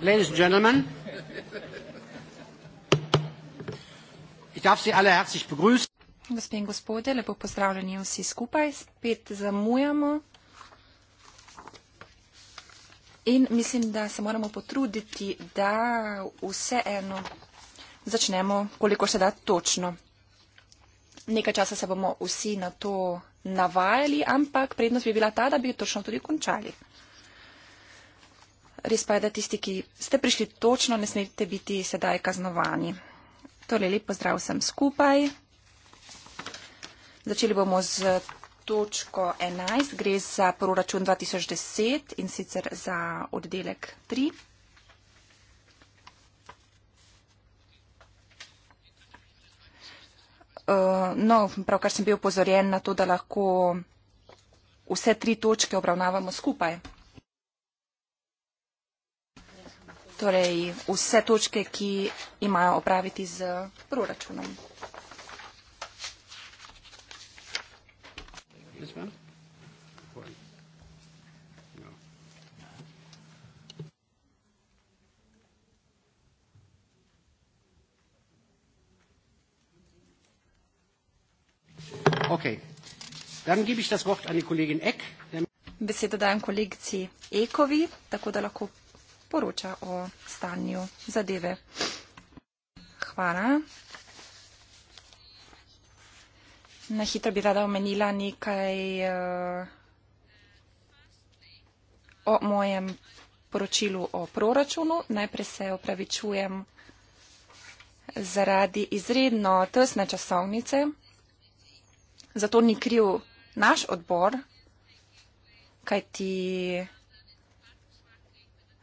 Ladies and gentlemen, ich darf Sie alle herzlich begrüßen. Gospe in gospode, lepo pozdravljeni vsi skupaj. Spet zamujamo. In mislim, da se moramo potruditi, da vse eno začnemo, koliko se da točno. Nekaj časa se bomo vsi na to navajali, ampak prednost bi bila ta, da bi jo točno tudi končali res pa je, da tisti, ki ste prišli točno, ne smete biti sedaj kaznovani. Torej, lep pozdrav vsem skupaj. Začeli bomo z točko 11, gre za proračun 2010 in sicer za oddelek 3. Eh, no, pravkar sem bil upozorjen na to, da lahko vse tri točke obravnavamo skupaj. torej vse točke, ki imajo opraviti z proračunom. Okay. Dann gebe ich das Wort an die Kollegin Eck. Besedo dajem kolegici Ekovi, tako da lahko poroča o stanju zadeve. Hvala. Na hitro bi rada omenila nekaj uh, o mojem poročilu o proračunu. Najprej se opravičujem zaradi izredno tesne časovnice. Zato ni kriv naš odbor, kajti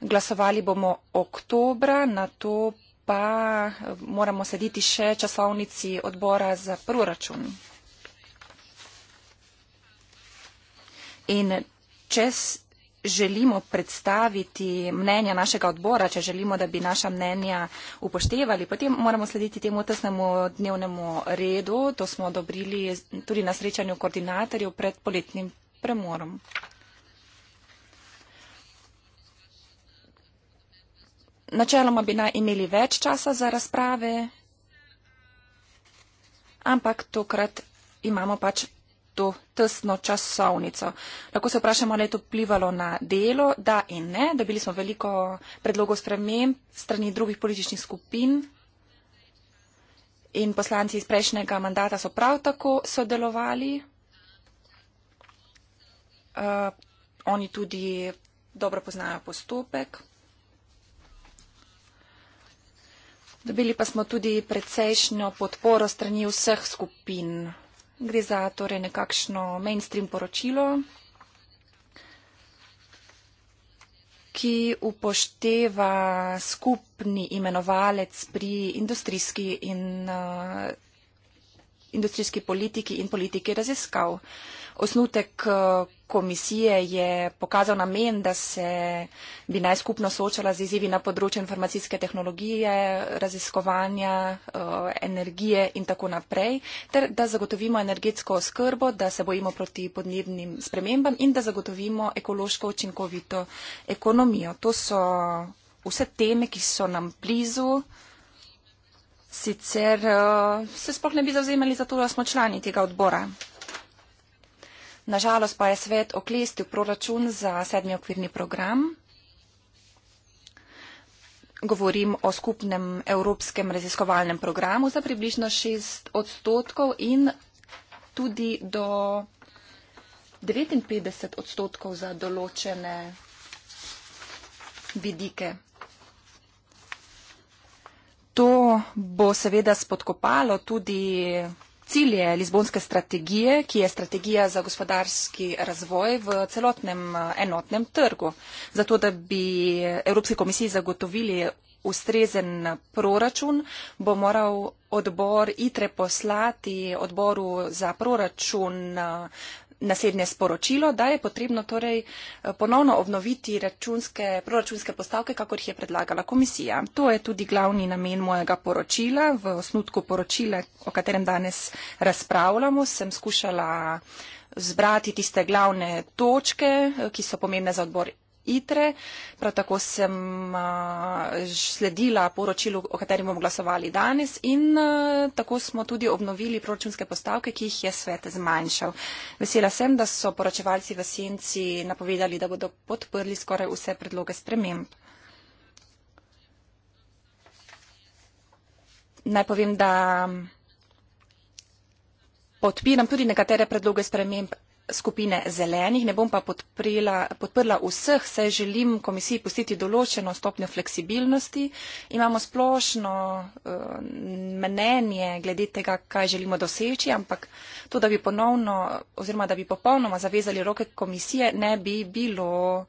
Glasovali bomo oktobra, na to pa eh, moramo sediti še časovnici odbora za proračun. In če želimo predstaviti mnenja našega odbora, če želimo, da bi naša mnenja upoštevali, potem moramo slediti temu tesnemu dnevnemu redu. To smo odobrili tudi na srečanju koordinatorjev pred poletnim premorom. načeloma bi naj imeli več časa za razprave, ampak tokrat imamo pač to tesno časovnico. Lahko se vprašamo, ali je to plivalo na delo, da in ne. Dobili smo veliko predlogov sprememb strani drugih političnih skupin in poslanci iz prejšnjega mandata so prav tako sodelovali. Uh, oni tudi dobro poznajo postopek. Dobili pa smo tudi precejšnjo podporo strani vseh skupin. Gre za torej nekakšno mainstream poročilo, ki upošteva skupni imenovalec pri industrijski in uh, industrijski politiki in politiki raziskav. Uh, Osnutek eh, komisije je pokazal namen, da se bi naj skupno soočala z izzivi na področju informacijske tehnologije, raziskovanja, eh, energije in tako naprej, ter da zagotovimo energetsko oskrbo, da se bojimo proti podnebnim spremembam in da zagotovimo ekološko učinkovito ekonomijo. To so vse teme, ki so nam blizu. Sicer eh, se sploh ne bi zauzemali za to, da smo člani tega odbora. Nažalost pa je svet oklestil proračun za sedmi okvirni program. Govorim o skupnem evropskem raziskovalnem programu za približno 6 odstotkov in tudi do 59 odstotkov za določene vidike. To bo seveda spodkopalo tudi cilje Lizbonske strategije, ki je strategija za gospodarski razvoj v celotnem eh, enotnem trgu, zato da bi Evropski komisiji zagotovili ustrezen proračun, bo moral odbor ITRE poslati odboru za proračun uh, naslednje sporočilo, da je potrebno torej eh, ponovno obnoviti računske, proračunske postavke, kakor jih je predlagala komisija. To je tudi glavni namen mojega poročila. V osnutku poročila, o katerem danes razpravljamo, sem skušala zbrati tiste glavne točke, eh, ki so pomembne za odbor ITRE, prav tako sem sledila poročilu, o katerem bomo glasovali danes in tako smo tudi obnovili proračunske postavke, ki jih je svet zmanjšal. Vesela sem, da so poročevalci v senci napovedali, da bodo podprli skoraj vse predloge sprememb. Naj povem, da podpiram tudi nekatere predloge sprememb skupine zelenih, ne bom pa podprela, podprla vseh, saj želim komisiji pustiti določeno stopnjo fleksibilnosti. Imamo splošno uh, mnenje glede tega, kaj želimo doseči, ampak to, da bi ponovno oziroma da bi popolnoma zavezali roke komisije, ne bi bilo,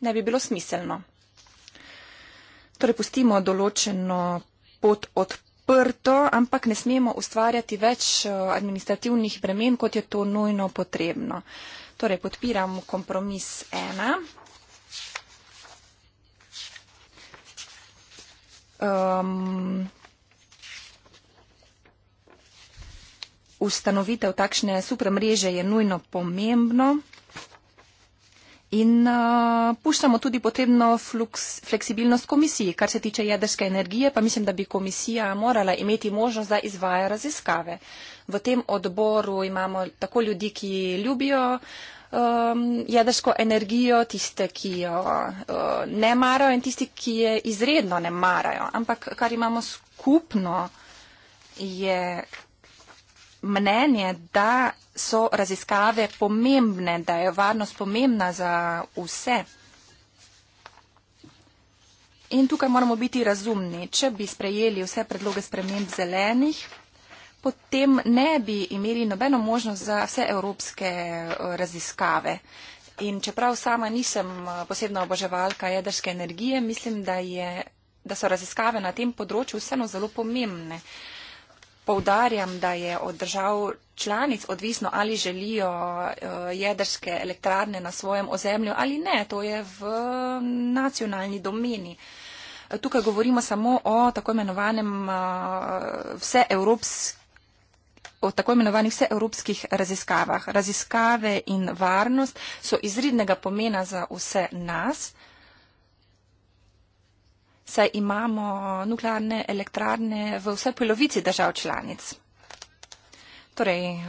ne bi bilo smiselno. Torej, pustimo določeno pot odprto odprto, ampak ne smemo ustvarjati več eh, administrativnih bremen, kot je to nujno potrebno. Torej, podpiram kompromis 1. Um, ehm, ustanovitev takšne supermreže je nujno pomembno. In uh, puščamo tudi potrebno fluks, fleksibilnost komisiji. Kar se tiče jedrske energije, pa mislim, da bi komisija morala imeti možnost, da izvaja raziskave. V tem odboru imamo tako ljudi, ki ljubijo um, jedrsko energijo, tiste, ki jo uh, ne marajo in tisti, ki je izredno ne marajo. Ampak kar imamo skupno, je mnenje, da so raziskave pomembne, da je varnost pomembna za vse. In tukaj moramo biti razumni. Če bi sprejeli vse predloge sprememb zelenih, potem ne bi imeli nobeno možnost za vse evropske eh, raziskave. In čeprav sama nisem eh, posebna oboževalka jedrske energije, mislim, da, je, da so raziskave na tem področju vseeno zelo pomembne. Uh, Poudarjam, da je od držav članic odvisno, ali želijo eh, jedrske elektrarne na svojem ozemlju ali ne. To je v mm, nacionalni domeni. Tukaj govorimo samo o tako imenovanem eh, vseevropskem o tako imenovanih vseevropskih raziskavah. Raziskave in varnost so izrednega pomena za vse nas saj imamo nuklearne elektrarne v vse polovici držav članic. Torej, eh,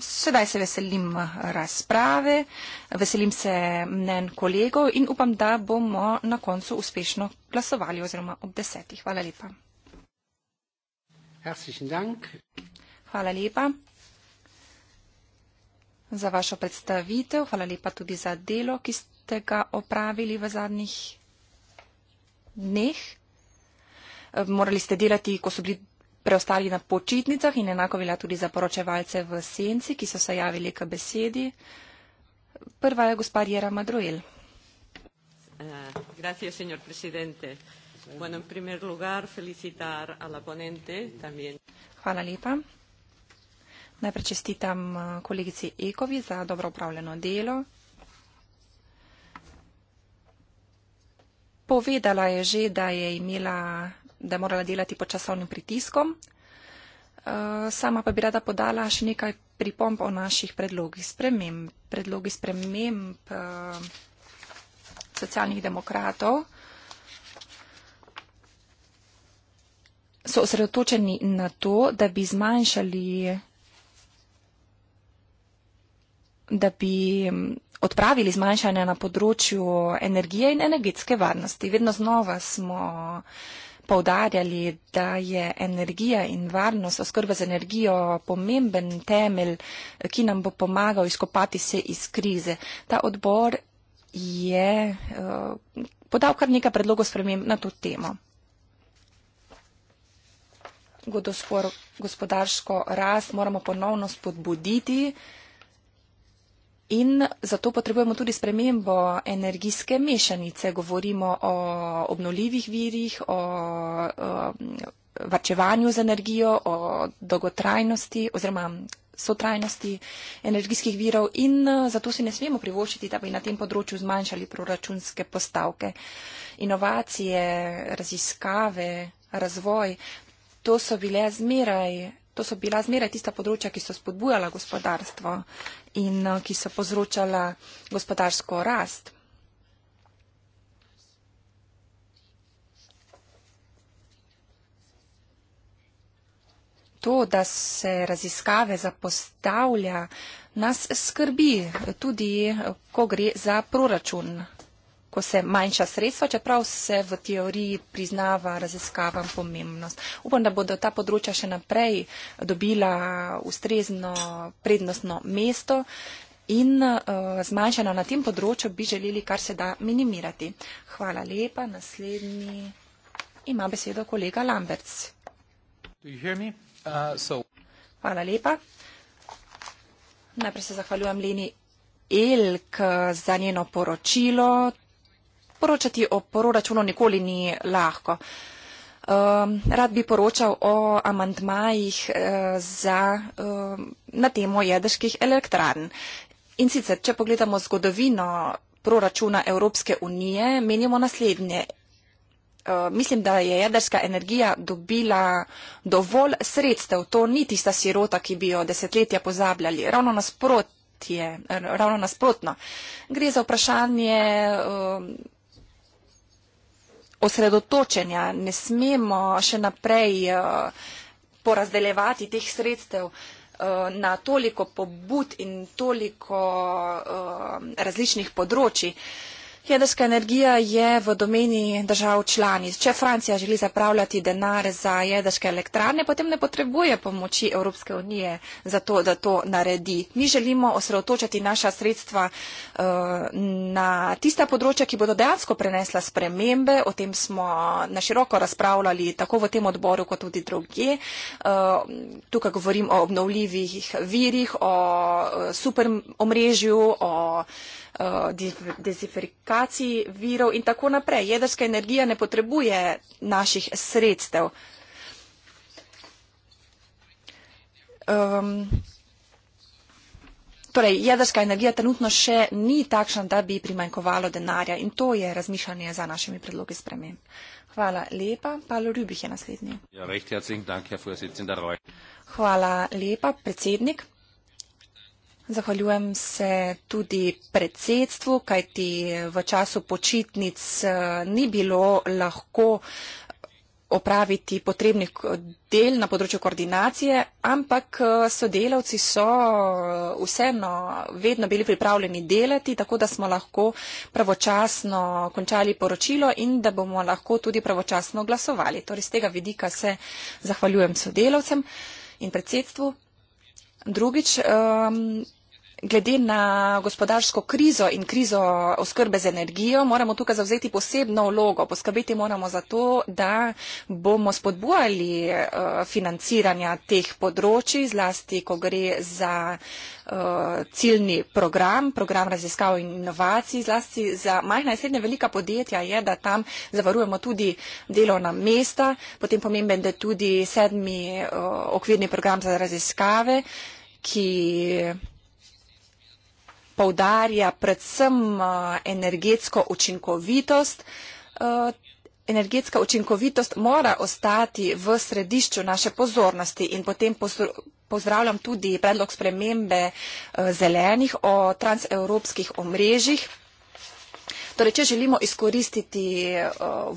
sedaj se veselim razprave, veselim se mnen kolegov in upam, da bomo na koncu uspešno glasovali oziroma ob desetih. Hvala lepa. Hvala lepa za vašo predstavitev, hvala lepa tudi za delo, ki ste ga opravili v zadnjih dneh. Eh, morali ste delati, ko so bili preostali na počitnicah in enako velja tudi za poročevalce v senci, ki so se javili k besedi. Prva je gospa Jera Madruel. Eh, Hvala lepa. Najprej čestitam eh, kolegici Ekovi za dobro upravljeno delo. Povedala je že, da je imela, da je morala delati pod časovnim pritiskom. Eh, sama pa bi rada podala še nekaj pripomp o naših predlogih sprememb. Predlogi sprememb eh, socialnih demokratov so osredotočeni na to, da bi zmanjšali, da bi odpravili zmanjšanja na področju energije in energetske varnosti. Vedno znova smo povdarjali, da je energija in varnost, oskrba z energijo pomemben temelj, ki nam bo pomagal izkopati se iz krize. Ta odbor je eh, podal kar nekaj predlogov sprememb na to temo. Gospodarsko rast moramo ponovno spodbuditi. In zato potrebujemo tudi spremembo energijske mešanice. Govorimo o obnoljivih virih, o, o varčevanju z energijo, o dolgotrajnosti oziroma sotrajnosti energijskih virov in eh, zato si ne smemo privoščiti, da bi na tem področju zmanjšali proračunske postavke. Inovacije, raziskave, razvoj, to so bile zmeraj to so bila zmeraj tista področja, ki so spodbujala gospodarstvo in eh, ki so povzročala gospodarsko rast. To, da se raziskave zapostavlja, nas skrbi tudi, ko gre za proračun ko se manjša sredstva, čeprav se v teoriji priznava raziskavam pomembnost. Upam, da bodo ta področja še naprej dobila ustrezno prednostno mesto in uh, zmanjšana na tem področju bi želeli kar se da minimirati. Hvala lepa. Naslednji ima besedo kolega Lamberts. Uh, so... Hvala lepa. Najprej se zahvaljujem Leni Elk eh, za njeno poročilo. Poročati o poročunu nikoli ni lahko. Um, rad bi poročal o amantmajih uh, za, um, na temo jedrskih elektrarn. In sicer, če pogledamo zgodovino proračuna Evropske unije, menimo naslednje. Uh, mislim, da je jedrska energija dobila dovolj sredstev. To ni tista sirota, ki bi jo desetletja pozabljali. Ravno, nasprot je, ravno nasprotno. Gre za vprašanje. Uh, osredotočenja. Ne smemo še naprej eh, porazdeljevati teh sredstev eh, na toliko pobud in toliko eh, različnih področji. Jedrska energija je v domeni držav članic. Če Francija želi zapravljati denar za jedrske elektrane, potem ne potrebuje pomoči Evropske unije za to, da to naredi. Mi želimo osredotočati naša sredstva uh, na tista področja, ki bodo dejansko prenesla spremembe. O tem smo naširoko razpravljali tako v tem odboru, kot tudi drugje. Uh, tukaj govorim o obnovljivih virih, o uh, eh, super omrežju, o uh, Eh, dezinfekciji virov in tako naprej. Jedrska energija ne potrebuje naših sredstev. Um, torej, jedrska energija trenutno še ni takšna, da bi primanjkovalo denarja in to je razmišljanje za našimi predlogi sprememb. Hvala lepa. Palo Rubih je naslednji. Ja, Hvala lepa, predsednik. Zahvaljujem se tudi predsedstvu, kajti v času počitnic eh, ni bilo lahko opraviti potrebnih del na področju koordinacije, ampak eh, sodelavci so eh, vseeno vedno bili pripravljeni delati, tako da smo lahko pravočasno končali poročilo in da bomo lahko tudi pravočasno glasovali. Torej, z tega vidika se zahvaljujem sodelavcem in predsedstvu. Drugič, ehm, glede na gospodarsko krizo in krizo oskrbe z energijo moramo tukaj zavzeti posebno vlogo. Poskrbeti moramo za to, da bomo spodbujali eh, financiranja teh področji, zlasti ko gre za eh, ciljni program, program raziskav in inovacij, zlasti za majhna in srednja velika podjetja je, da tam zavarujemo tudi delovna mesta, potem pomemben, da je tudi sedmi eh, okvirni program za raziskave, ki poudarja predvsem eh, energetsko učinkovitost. Eh, energetska učinkovitost mora ostati v središču naše pozornosti in potem pozdravljam tudi predlog spremembe eh, zelenih o transevropskih omrežjih. Torej, če želimo izkoristiti eh,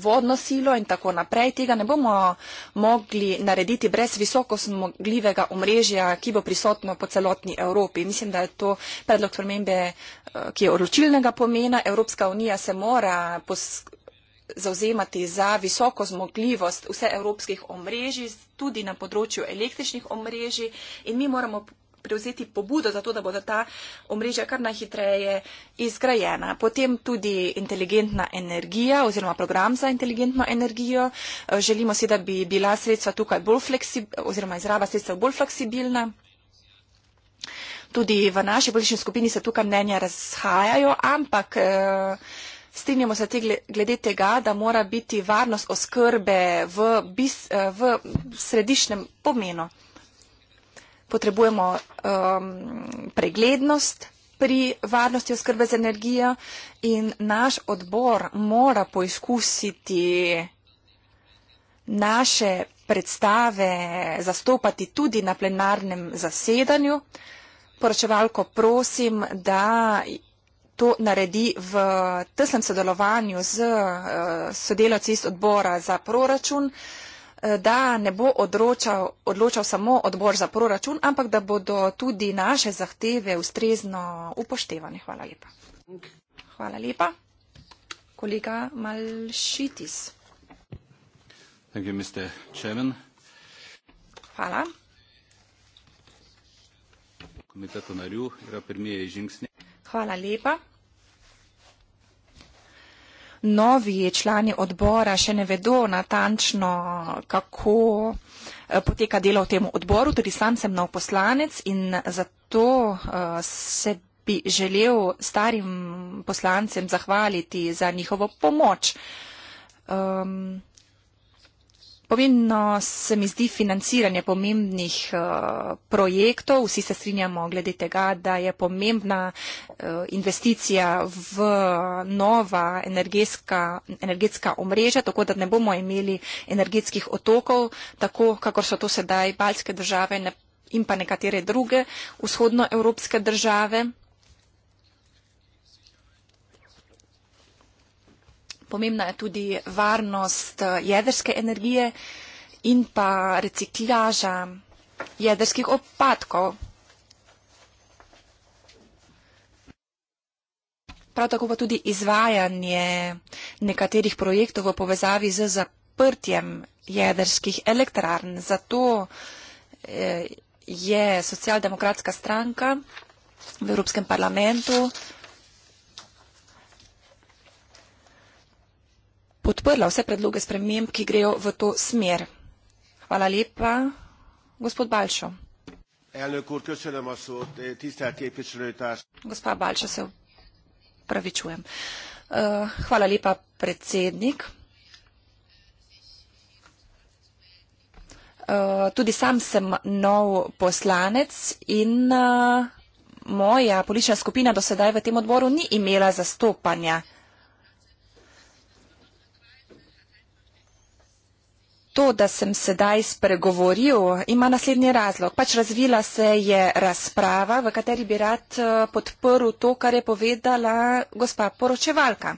vodno silo in tako naprej, tega ne bomo mogli narediti brez visokosmogljivega omrežja, ki bo prisotno po celotni Evropi. Mislim, da je to predlog spremembe, eh, ki je odločilnega pomena. Evropska unija se mora zauzemati za visoko zmogljivost vse evropskih omrežij, tudi na področju električnih omrežij in mi moramo prevzeti pobudo za to, da bodo ta omrežja kar najhitreje izgrajena. Potem tudi inteligentna energija oziroma program za inteligentno energijo. Eh, želimo si, da bi bila sredstva tukaj bolj fleksibilna oziroma izraba sredstev bolj fleksibilna. Tudi v naši politični skupini se tukaj mnenja razhajajo, ampak eh, strinjamo se te glede tega, da mora biti varnost oskrbe v, bis, eh, v središnjem pomenu potrebujemo um, preglednost pri varnosti oskrbe z energijo in naš odbor mora poizkusiti naše predstave, zastopati tudi na plenarnem zasedanju. Poročevalko prosim, da to naredi v tesnem sodelovanju z uh, sodelavci iz odbora za proračun. Uh, Eh, da ne bo odročal, odločal samo odbor za proračun, ampak da bodo tudi naše zahteve ustrezno upoštevane. Hvala lepa. Hvala lepa. Kolega Malšitis. Hvala. Hvala lepa novi člani odbora še ne vedo natančno, kako eh, poteka delo v tem odboru. Tudi sam sem nov poslanec in zato eh, se bi želel starim poslancem zahvaliti za njihovo pomoč. Ehm, Pomembno se mi zdi financiranje pomembnih eh, projektov. Vsi se strinjamo glede tega, da je pomembna eh, investicija v eh, nova energetska, energetska omrežja, tako da ne bomo imeli energetskih otokov, tako kakor so to sedaj baljske države in pa nekatere druge vzhodnoevropske države. pomembna je tudi varnost eh, jedrske energije in pa reciklaža jedrskih odpadkov. Prav tako pa tudi izvajanje nekaterih projektov v povezavi z zaprtjem jedrskih elektrarn. Zato eh, je socialdemokratska stranka v Evropskem parlamentu podprla vse predloge sprememb, ki grejo v to smer. Hvala lepa, gospod Balšo. Elnökúr, köszönöm a szót, eh, tisztelt képviselőtárs. Gospa Balcsa, se upravičujem. Eh, hvala lepa, predsednik. Eh, tudi sam sem nov poslanec in moja politična skupina do sedaj v tem odboru ni imela zastopanja. to, da sem sedaj spregovoril, ima naslednji razlog. Pač razvila se je razprava, v kateri bi rad eh, podprl to, kar je povedala gospa poročevalka.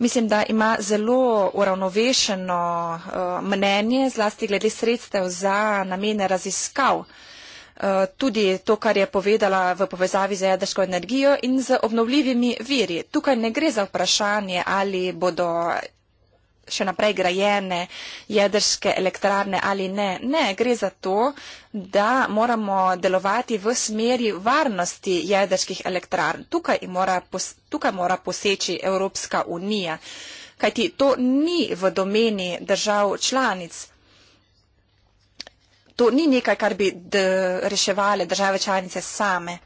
Mislim, da ima zelo uravnovešeno eh, mnenje, zlasti glede sredstev za namene raziskav tudi to, kar je povedala v povezavi z jedrsko energijo in z obnovljivimi viri. Tukaj ne gre za vprašanje, ali bodo še naprej grajene jedrske elektrarne ali ne. Ne, gre za to, da moramo delovati v smeri varnosti jedrskih elektrarn. Tukaj mora, tukaj mora poseči Evropska unija. Kajti to ni v domeni držav članic to ni nekaj, kar bi reševali države članice same.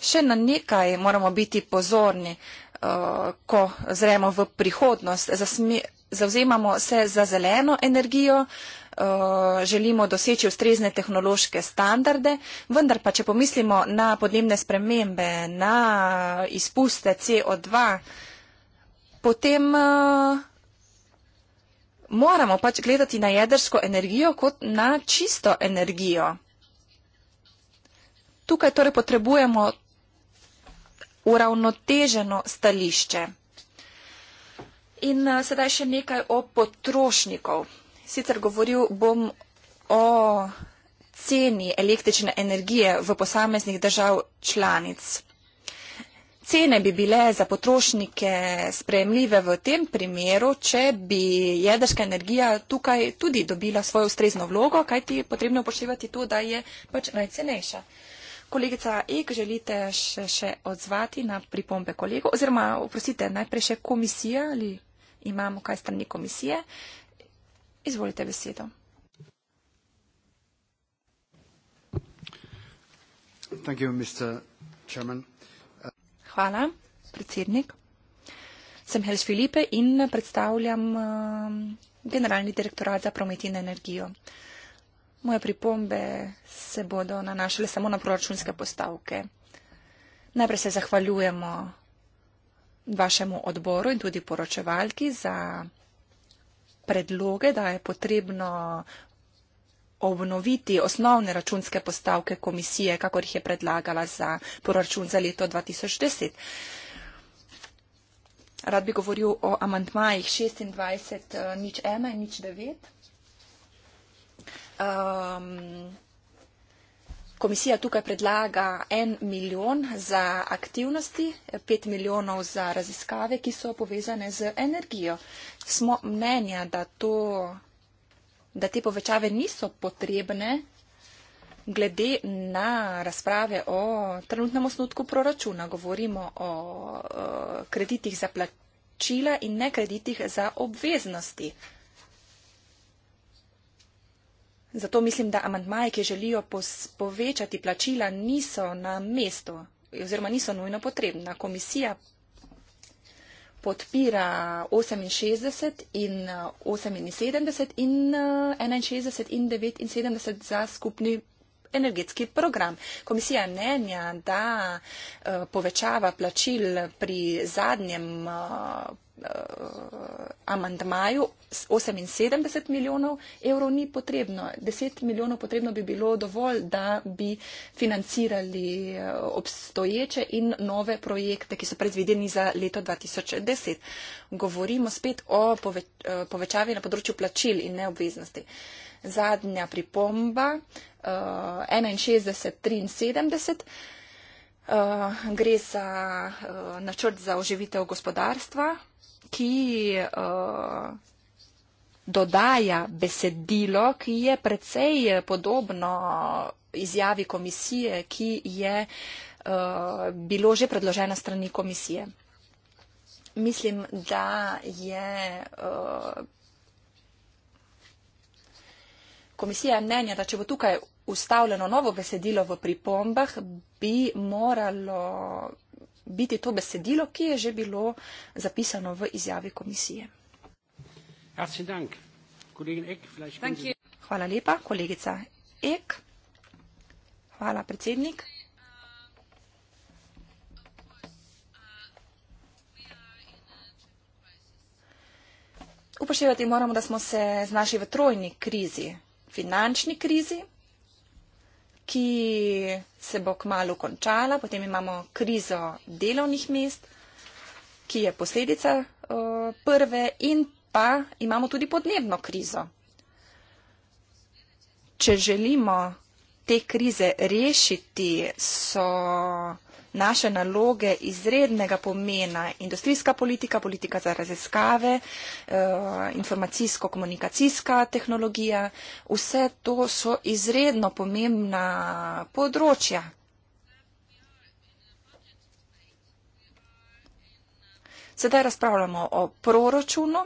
Še na nekaj moramo biti pozorni, eh, ko zremo v prihodnost. Zauzemamo se za zeleno energijo, eh, želimo doseči ustrezne tehnološke standarde, vendar pa, če pomislimo na podnebne spremembe, na izpuste CO2, potem eh, moramo pač gledati na jedrsko energijo kot na čisto energijo. Tukaj torej potrebujemo uravnoteženo stališče. In eh, sedaj še nekaj o potrošnikov. Sicer govoril bom o ceni električne energije v posameznih držav članic. Cene bi bile za potrošnike sprejemljive v tem primeru, če bi jedrska energija tukaj tudi dobila svojo ustrezno vlogo, kaj ti je potrebno upoštevati to, da je pač najcenejša. Kolegica Ek, želite še, še odzvati na pripombe kolego, oziroma, oprostite, najprej še komisija ali imamo kaj strani komisije. Izvolite besedo. Thank you, Mr. Chairman. Hvala, predsednik. Sem Hels Filipe in predstavljam um, Generalni direktorat za promet in energijo. Moje pripombe se bodo nanašale samo na proračunske postavke. Najprej se zahvaljujemo vašemu odboru in tudi poročevalki za predloge, da je potrebno obnoviti osnovne računske postavke komisije, kakor jih je predlagala za poračun za leto 2010. Rad bi govoril o amantmajih 26, eh, nič 1 in nič 9. Um, ehm, komisija tukaj predlaga 1 milijon za aktivnosti, 5 milijonov za raziskave, ki so povezane z energijo. Smo mnenja, da to da te povečave niso potrebne, glede na razprave o trenutnem osnutku proračuna. Govorimo o uh, kreditih za plačila in ne kreditih za obveznosti. Zato mislim, da amantmaje, ki želijo povečati plačila, niso na mestu oziroma niso nujno potrebna. Komisija podpira 68 in 78 eh, in 61 eh, in 79 za skupni energetski program. Komisija mnenja, da eh, povečava plačil pri zadnjem uh, amandmaju 78 milijonov evrov ni potrebno. 10 milijonov potrebno bi bilo dovolj, da bi financirali eh, obstoječe in nove projekte, ki so predvideni za leto 2010. Govorimo spet o poveč eh, povečavi na področju plačil in neobveznosti. Zadnja pripomba uh, 61-73 uh, gre za uh, načrt za oživitev gospodarstva ki uh, dodaja besedilo, ki je precej eh, podobno izjavi komisije, ki je uh, bilo že predložena strani komisije. Mislim, da je uh, komisija mnenja, da če bo tukaj ustavljeno novo besedilo v pripombah, bi moralo biti to besedilo, ki je že bilo zapisano v izjavi komisije. Hvala lepa, kolegica Ek. Hvala, predsednik. Upoštevati moramo, da smo se znašli v trojni krizi, finančni krizi, ki se bo kmalo končala, potem imamo krizo delovnih mest, ki je posledica eh, prve in pa imamo tudi podnebno krizo. Če želimo te krize rešiti, so naše naloge izrednega pomena industrijska politika, politika za raziskave, eh, informacijsko-komunikacijska tehnologija, vse to so izredno pomembna področja. Sedaj razpravljamo o proračunu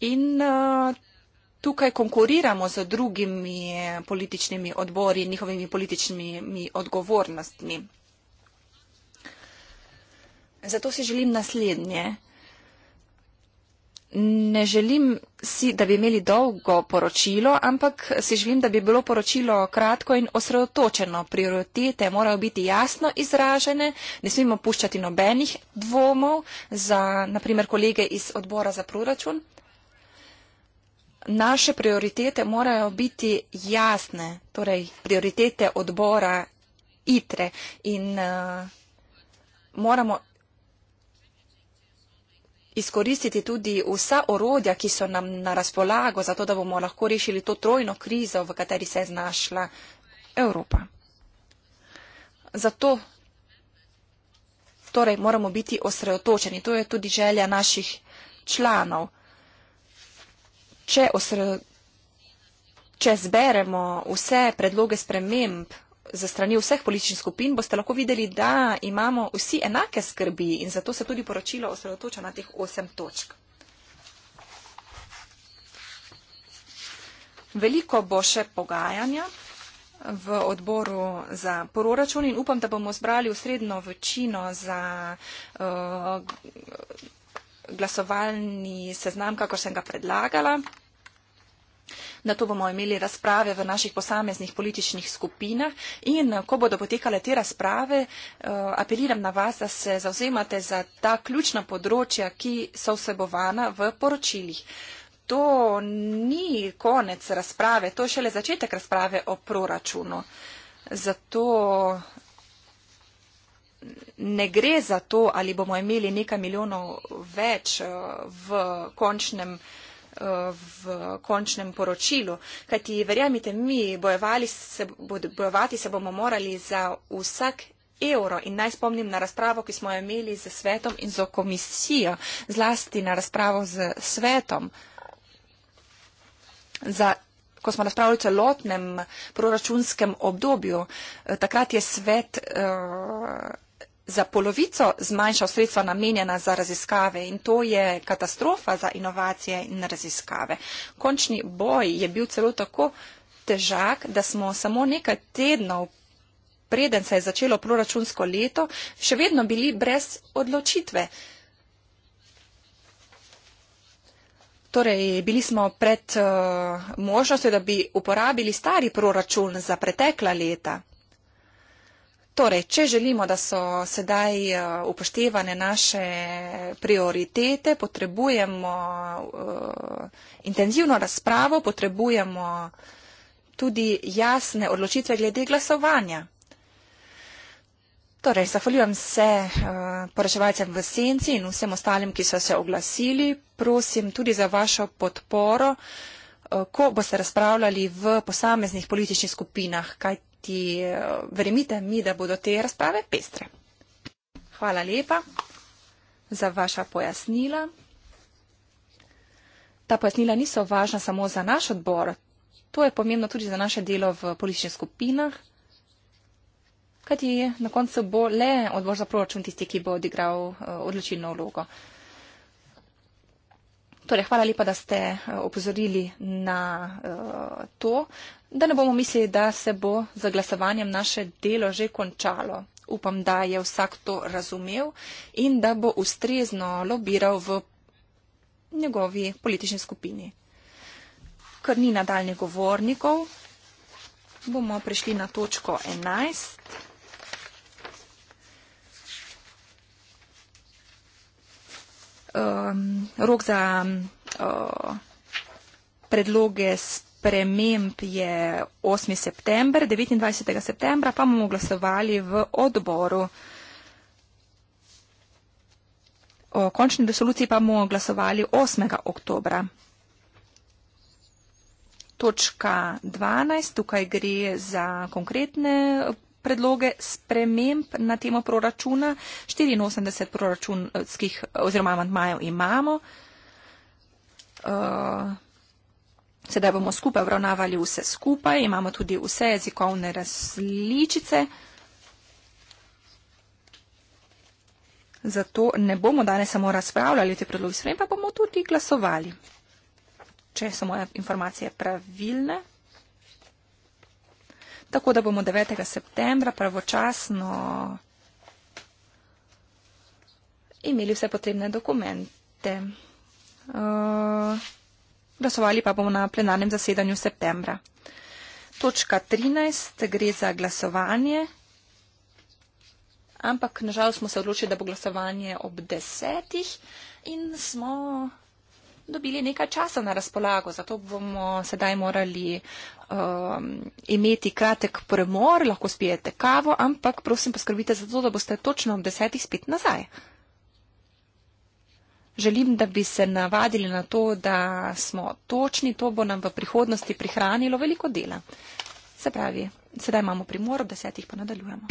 in eh, tukaj konkuriramo z drugimi političnimi odbori in njihovimi političnimi odgovornostmi. Zato si želim naslednje. Ne želim si, da bi imeli dolgo poročilo, ampak si želim, da bi bilo poročilo kratko in osredotočeno. Prioritete morajo biti jasno izražene, ne smemo puščati nobenih dvomov za, naprimer, kolege iz odbora za proračun naše prioritete morajo biti jasne, torej prioritete odbora ITRE in eh, moramo izkoristiti tudi vsa orodja, ki so nam na razpolago, zato da bomo lahko rešili to trojno krizo, v kateri se je znašla Evropa. Zato torej, moramo biti osredotočeni. To je tudi želja naših članov če, osre, če zberemo vse predloge sprememb za strani vseh političnih skupin, boste lahko videli, da imamo vsi enake skrbi in zato se tudi poročilo osredotoča na teh osem točk. Veliko bo še pogajanja v odboru za proračun in upam, da bomo zbrali usredno večino za uh, glasovalni seznam, kakor sem ga predlagala. Na to bomo imeli razprave v naših posameznih političnih skupinah in eh, ko bodo potekale te razprave, eh, apeliram na vas, da se zauzemate za ta ključna področja, ki so vsebovana v poročilih. To ni konec razprave, to je šele začetek razprave o proračunu. Zato ne gre za to, ali bomo imeli nekaj milijonov več eh, v končnem proračunu Eh, v končnem poročilu. Kajti, verjamite mi, bojevali se, bojevati se bomo morali za vsak evro. In naj spomnim na razpravo, ki smo jo imeli z svetom in z komisijo, zlasti na razpravo z svetom. Za ko smo razpravljali o celotnem proračunskem obdobju, eh, takrat je svet uh, za polovico zmanjšal sredstva namenjena za raziskave in to je katastrofa za inovacije in raziskave. Končni boj je bil celo tako težak, da smo samo nekaj tednov preden se je začelo proračunsko leto, še vedno bili brez odločitve. Torej, bili smo pred uh, možnostjo, da bi uporabili stari proračun za pretekla leta. Torej, če želimo, da so sedaj eh, upoštevane naše prioritete, potrebujemo uh, intenzivno razpravo, potrebujemo tudi jasne odločitve glede glasovanja. Torej, zahvaljujem se uh, eh, poraševalcem v senci in vsem ostalim, ki so se oglasili. Prosim tudi za vašo podporo. Uh, Eh, ko boste razpravljali v posameznih političnih skupinah, kaj ti eh, verjemite mi, da bodo te razprave pestre. Hvala lepa za vaša pojasnila. Ta pojasnila niso važna samo za naš odbor, to je pomembno tudi za naše delo v političnih skupinah, kajti na koncu bo le odbor za proračun tisti, ki bo odigral eh, odločilno vlogo. Torej, hvala lepa, da ste eh, opozorili na uh, to, da ne bomo mislili, da se bo z glasovanjem naše delo že končalo. Upam, da je vsak to razumev in da bo ustrezno lobiral v njegovi politični skupini. Ker ni nadaljnih govornikov, bomo prišli na točko 11. Um, rok za uh, predloge sprememb je 8. september, 29. septembra pa bomo glasovali v odboru. O končni resoluciji pa bomo glasovali 8. oktobra. Točka 12, tukaj gre za konkretne predloge sprememb na temo proračuna. 84 proračunskih eh, oziroma amantmajev imamo. Eh, sedaj bomo skupaj obravnavali vse skupaj. Imamo tudi vse jezikovne različice. Zato ne bomo danes samo razpravljali te predloge sprememb, pa bomo tudi glasovali. Če so moje informacije pravilne. Tako da bomo 9. septembra pravočasno imeli vse potrebne dokumente. Eh, glasovali pa bomo na plenarnem zasedanju septembra. Točka 13 gre za glasovanje, ampak nažal smo se odločili, da bo glasovanje ob desetih in smo dobili nekaj časa na razpolago, zato bomo sedaj morali um, imeti kratek premor, lahko spijete kavo, ampak prosim poskrbite za to, da boste točno ob desetih spet nazaj. Želim, da bi se navadili na to, da smo točni, to bo nam v prihodnosti prihranilo veliko dela. Se pravi, sedaj imamo premor, ob desetih pa nadaljujemo.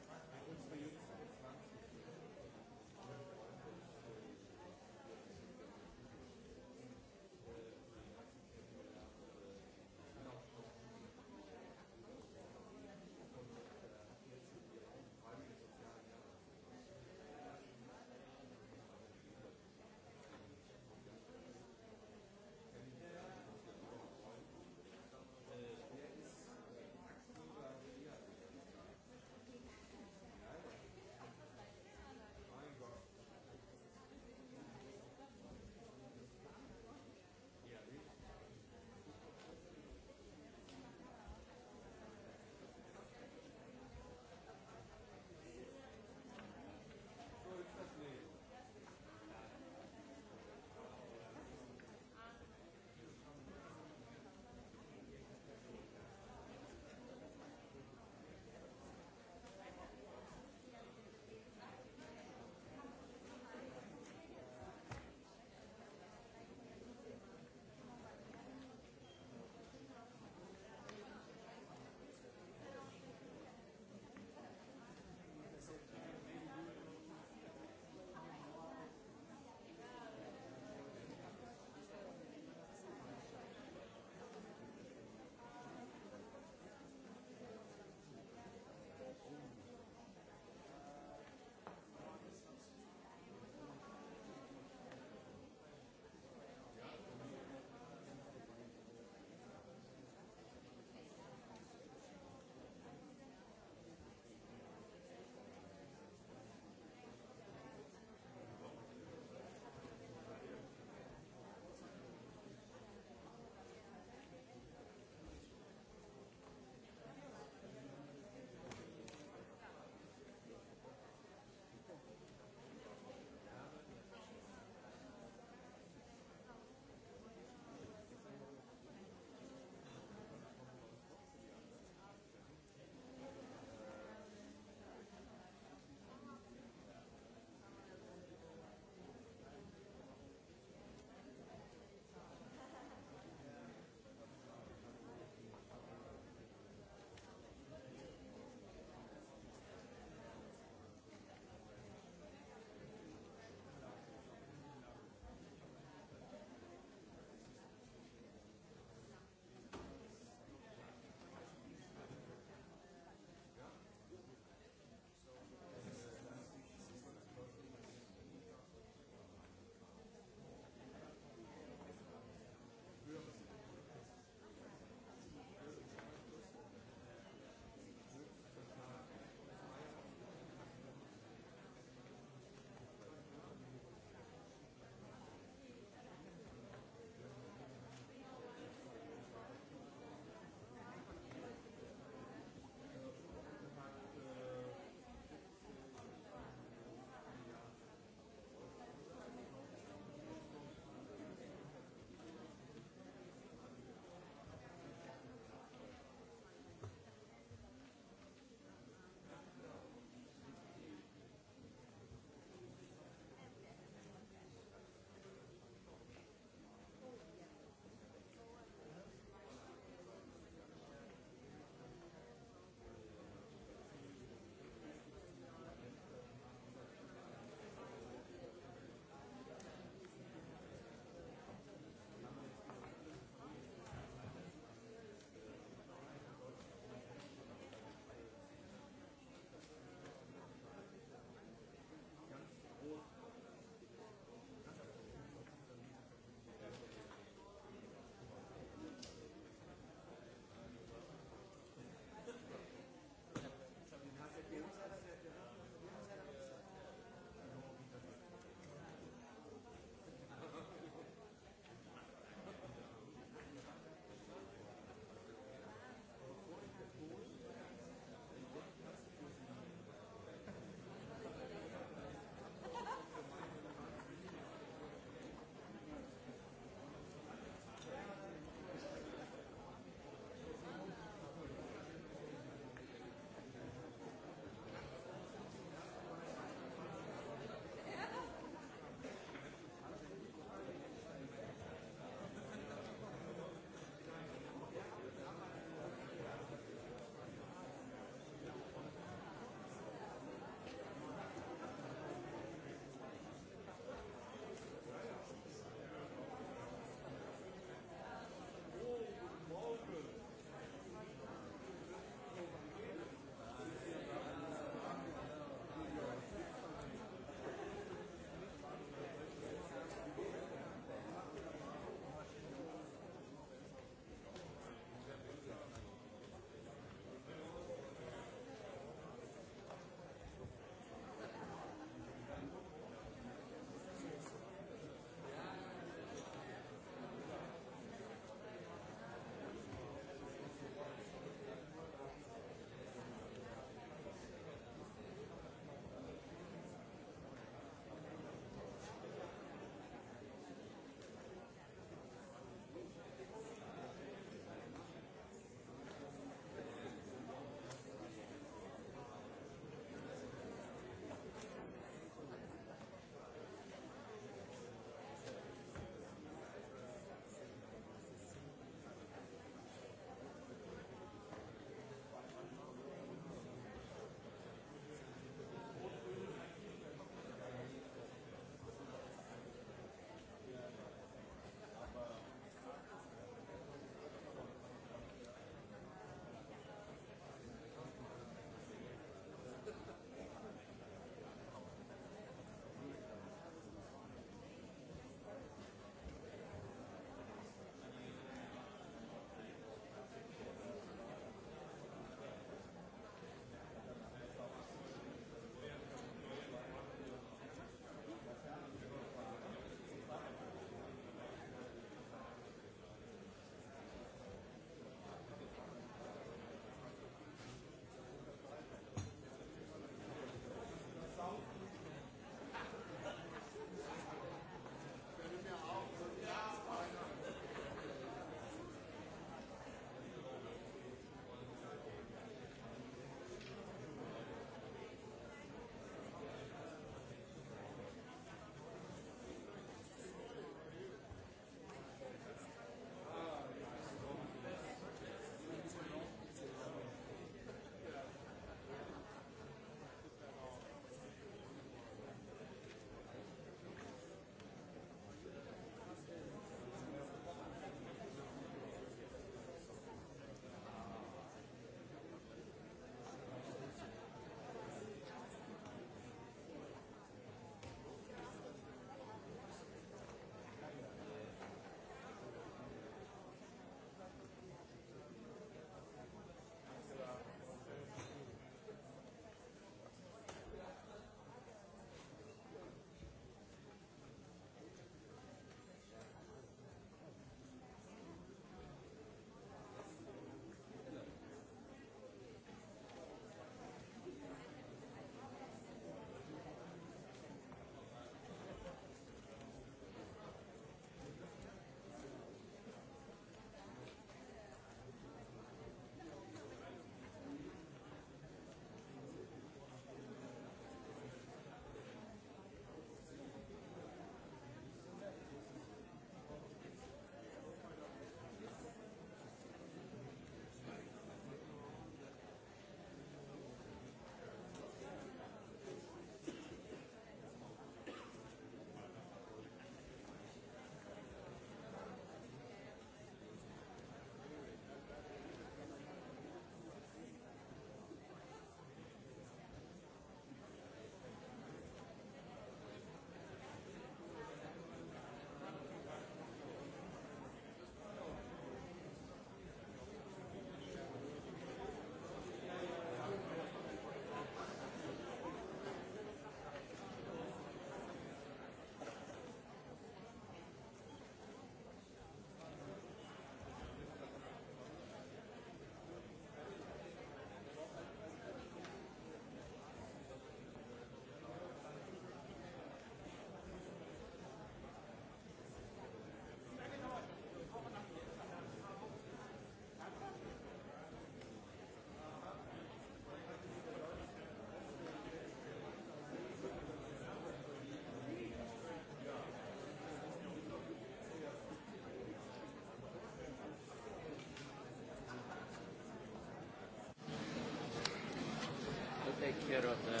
take care of the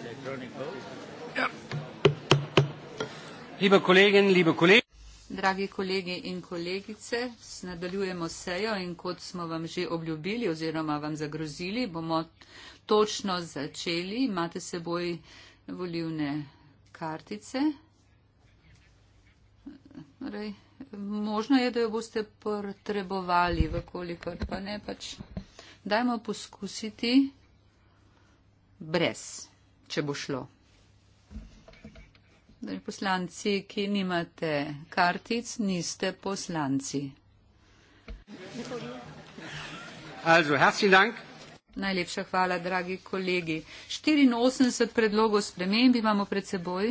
electronic vote. Yep. Liebe Kolleginnen, liebe Kollegen. Dragi kolegi in kolegice, nadaljujemo sejo in kot smo vam že obljubili oziroma vam zagrozili, bomo točno začeli. Imate seboj volivne kartice. Rej, možno je, da jo boste potrebovali, vkolikor pa ne pač. Dajmo poskusiti brez, če bo šlo. Poslanci, ki nimate kartic, niste poslanci. Also, Najlepša hvala, dragi kolegi. 84 predlogov sprememb imamo pred seboj.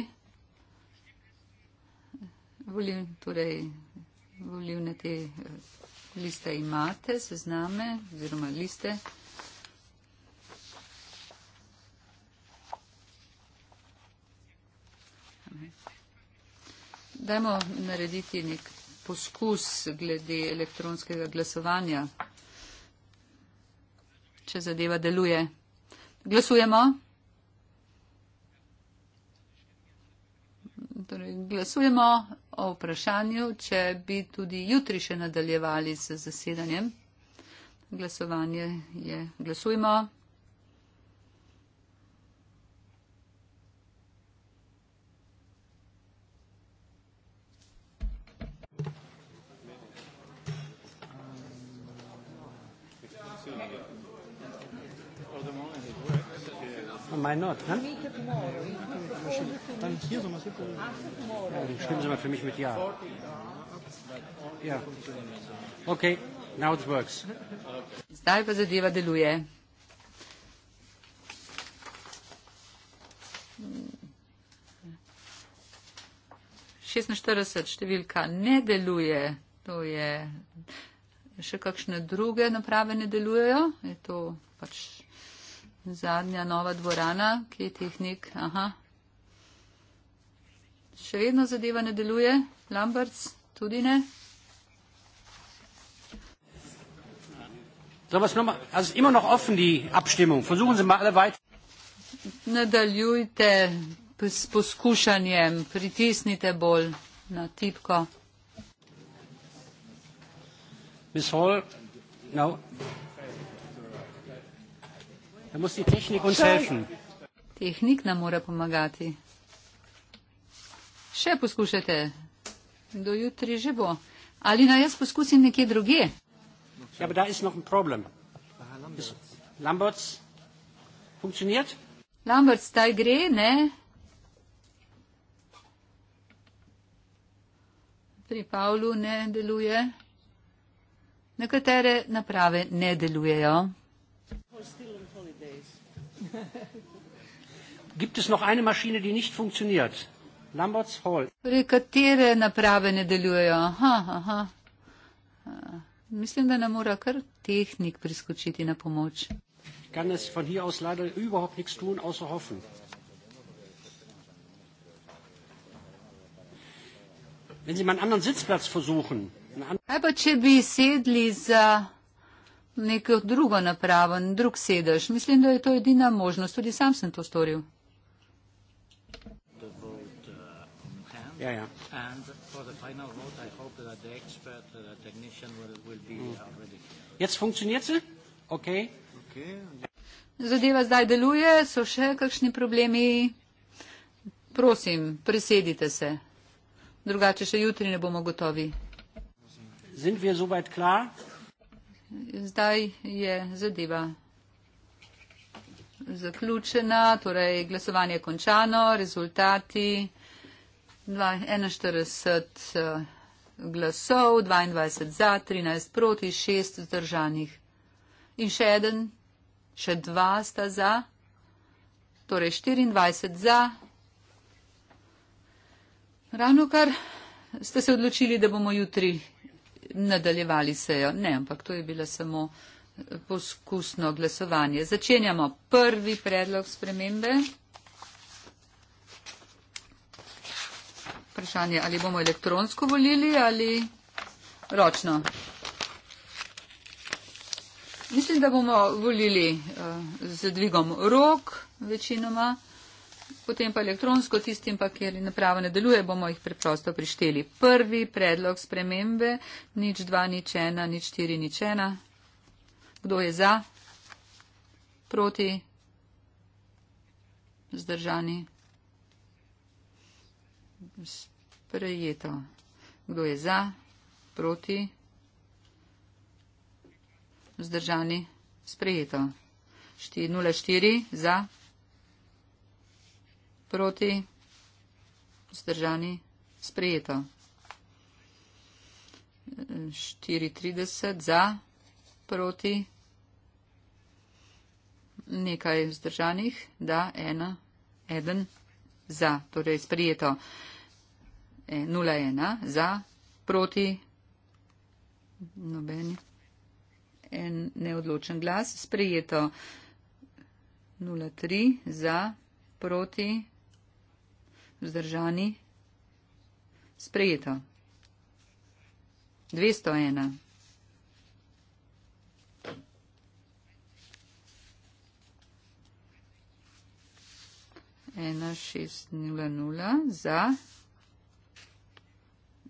Volim, torej, volivne te liste imate, sezname oziroma liste. Dajmo narediti nek poskus glede elektronskega glasovanja. Če zadeva deluje. Glasujemo. Torej, glasujemo o vprašanju, če bi tudi jutri še nadaljevali z zasedanjem. Glasovanje je. Glasujemo. why not? Ne? Stimmen ja, Sie mal für mich mit Ja. Ja. Okay, now it works. Zdaj pa zadeva deluje. Šestnaštirideset številka ne deluje, to je še kakšne druge naprave ne delujejo, je to pač zadnja nova dvorana, ki je tehnik. Aha. Še vedno zadeva ne deluje, Lamberts tudi ne. Nadaljujte s poskušanjem, pritisnite bolj na tipko. Miss Hall, no. Tehnik nam mora pomagati. Še poskušajte. Do jutri že bo. Ali naj jaz poskusim nekje druge? Ja, Lamberts, funkcionirat? Lamberts, zdaj gre, ne? Pri Pavlu ne deluje. Nekatere naprave ne delujejo. Gibt es noch eine Maschine, die nicht funktioniert? Lamberts Hall. Pri torej, katere naprave ne delujejo? Aha, aha. Mislim, da nam mora kar tehnik priskočiti na pomoč. Kann es von hier aus leider überhaupt nichts tun, außer hoffen. Wenn Sie mal einen anderen Sitzplatz versuchen. Einen an Aber če bi sedli za neko drugo napravo, drug sedež. Mislim, da je to edina možnost. Tudi sam sem to storil. Ja, ja. Uh, mm. Zadeva zdaj deluje, so še kakšni problemi. Prosim, presedite se. Drugače še jutri ne bomo gotovi. Sind wir soweit klar? Zdaj je zadeva zaključena, torej glasovanje končano, rezultati 41 eh, glasov, 22 za, 13 proti, 6 zdržanih. In še eden, še dva sta za, torej 24 za. Ravno kar ste se odločili, da bomo jutri nadaljevali sejo. Ne, ampak to je bilo samo poskusno glasovanje. Začenjamo prvi predlog spremembe. Vprašanje, ali bomo elektronsko volili ali ročno. Mislim, da bomo volili uh, z dvigom rok večinoma potem pa elektronsko tistim, pa, kjer naprava ne deluje, bomo jih preprosto prišteli. Prvi predlog spremembe, nič dva, nič ena, nič štiri, nič ena. Kdo je za? Proti? Zdržani? Sprejeto. Kdo je za? Proti? Zdržani? Sprejeto. 4, 0, 4 za proti vzdržani sprejeto. 4,30 za proti nekaj vzdržanih, da ena, eden za, torej sprejeto. 0,1 e, za proti nobeni. En neodločen glas, sprejeto 0,3 za, proti Vzdržani. Sprejeto. 201. ena šest nula nula za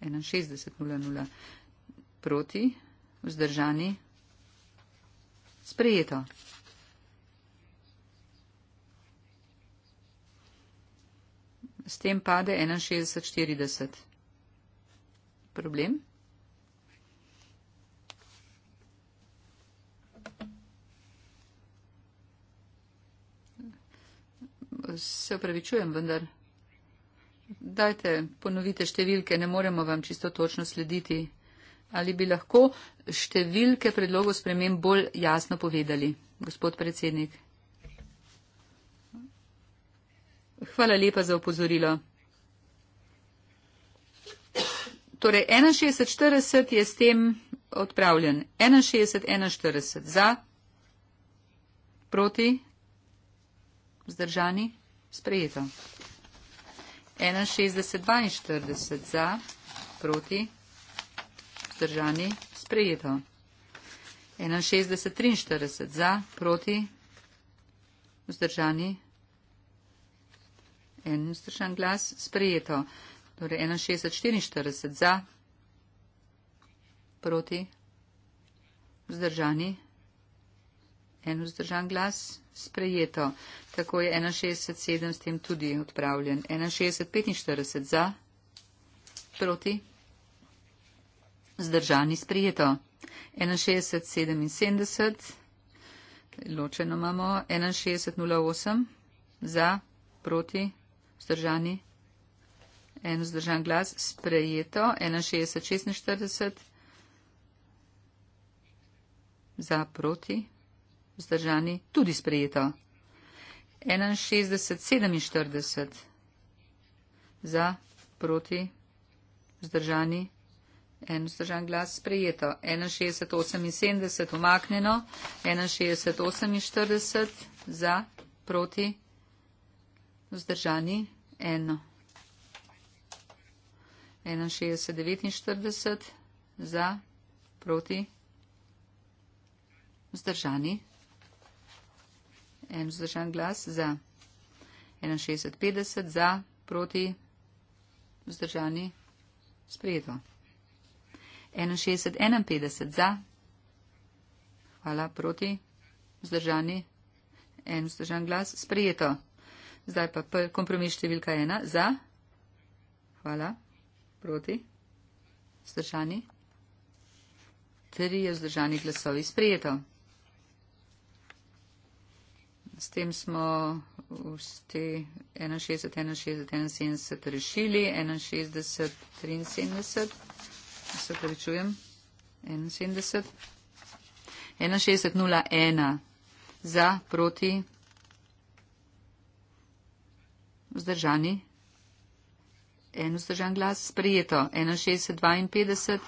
ena šestdeset nula nula proti vzdržani sprejeto S tem pade 61-40. Problem? Se upravičujem, vendar. Dajte, ponovite številke, ne moremo vam čisto točno slediti. Ali bi lahko številke predlogov sprememb bolj jasno povedali, gospod predsednik? Hvala lepa za opozorilo. Torej, 61-40 je s tem odpravljen. 61-41 za, proti, vzdržani, sprejeto. 61-42 za, proti, vzdržani, sprejeto. 61-43 za, proti, vzdržani, sprejeto en vzdržan glas sprejeto. Torej 61-44 za, proti, vzdržani, en vzdržan glas sprejeto. Tako je 61-7 s tem tudi odpravljen. 61-45 za, proti, vzdržani sprejeto. 61-77. Ločeno imamo 61.08 za, proti, Zdržani. En zdržan glas. Sprejeto. 61-46. Za proti. Zdržani. Tudi sprejeto. 61-47. Za proti. Zdržani. En zdržan glas sprejeto. 61-78 umaknjeno. 61-48 za proti. Zdržani. 61, 49 za, proti, vzdržani. En vzdržan glas za. 61, 50 za, proti, vzdržani, sprejeto. 61, 51 za, hvala, proti, vzdržani, en vzdržan glas, sprejeto. Zdaj pa kompromis številka ena. Za. Hvala. Proti. Zdržani. Tri je vzdržani glasovi sprejeto. S tem smo v te 61, 61, 71 rešili, 61, 73, se pravi čujem, 71, 61, 01 za, proti vzdržani. En vzdržan glas, sprejeto. 61-52,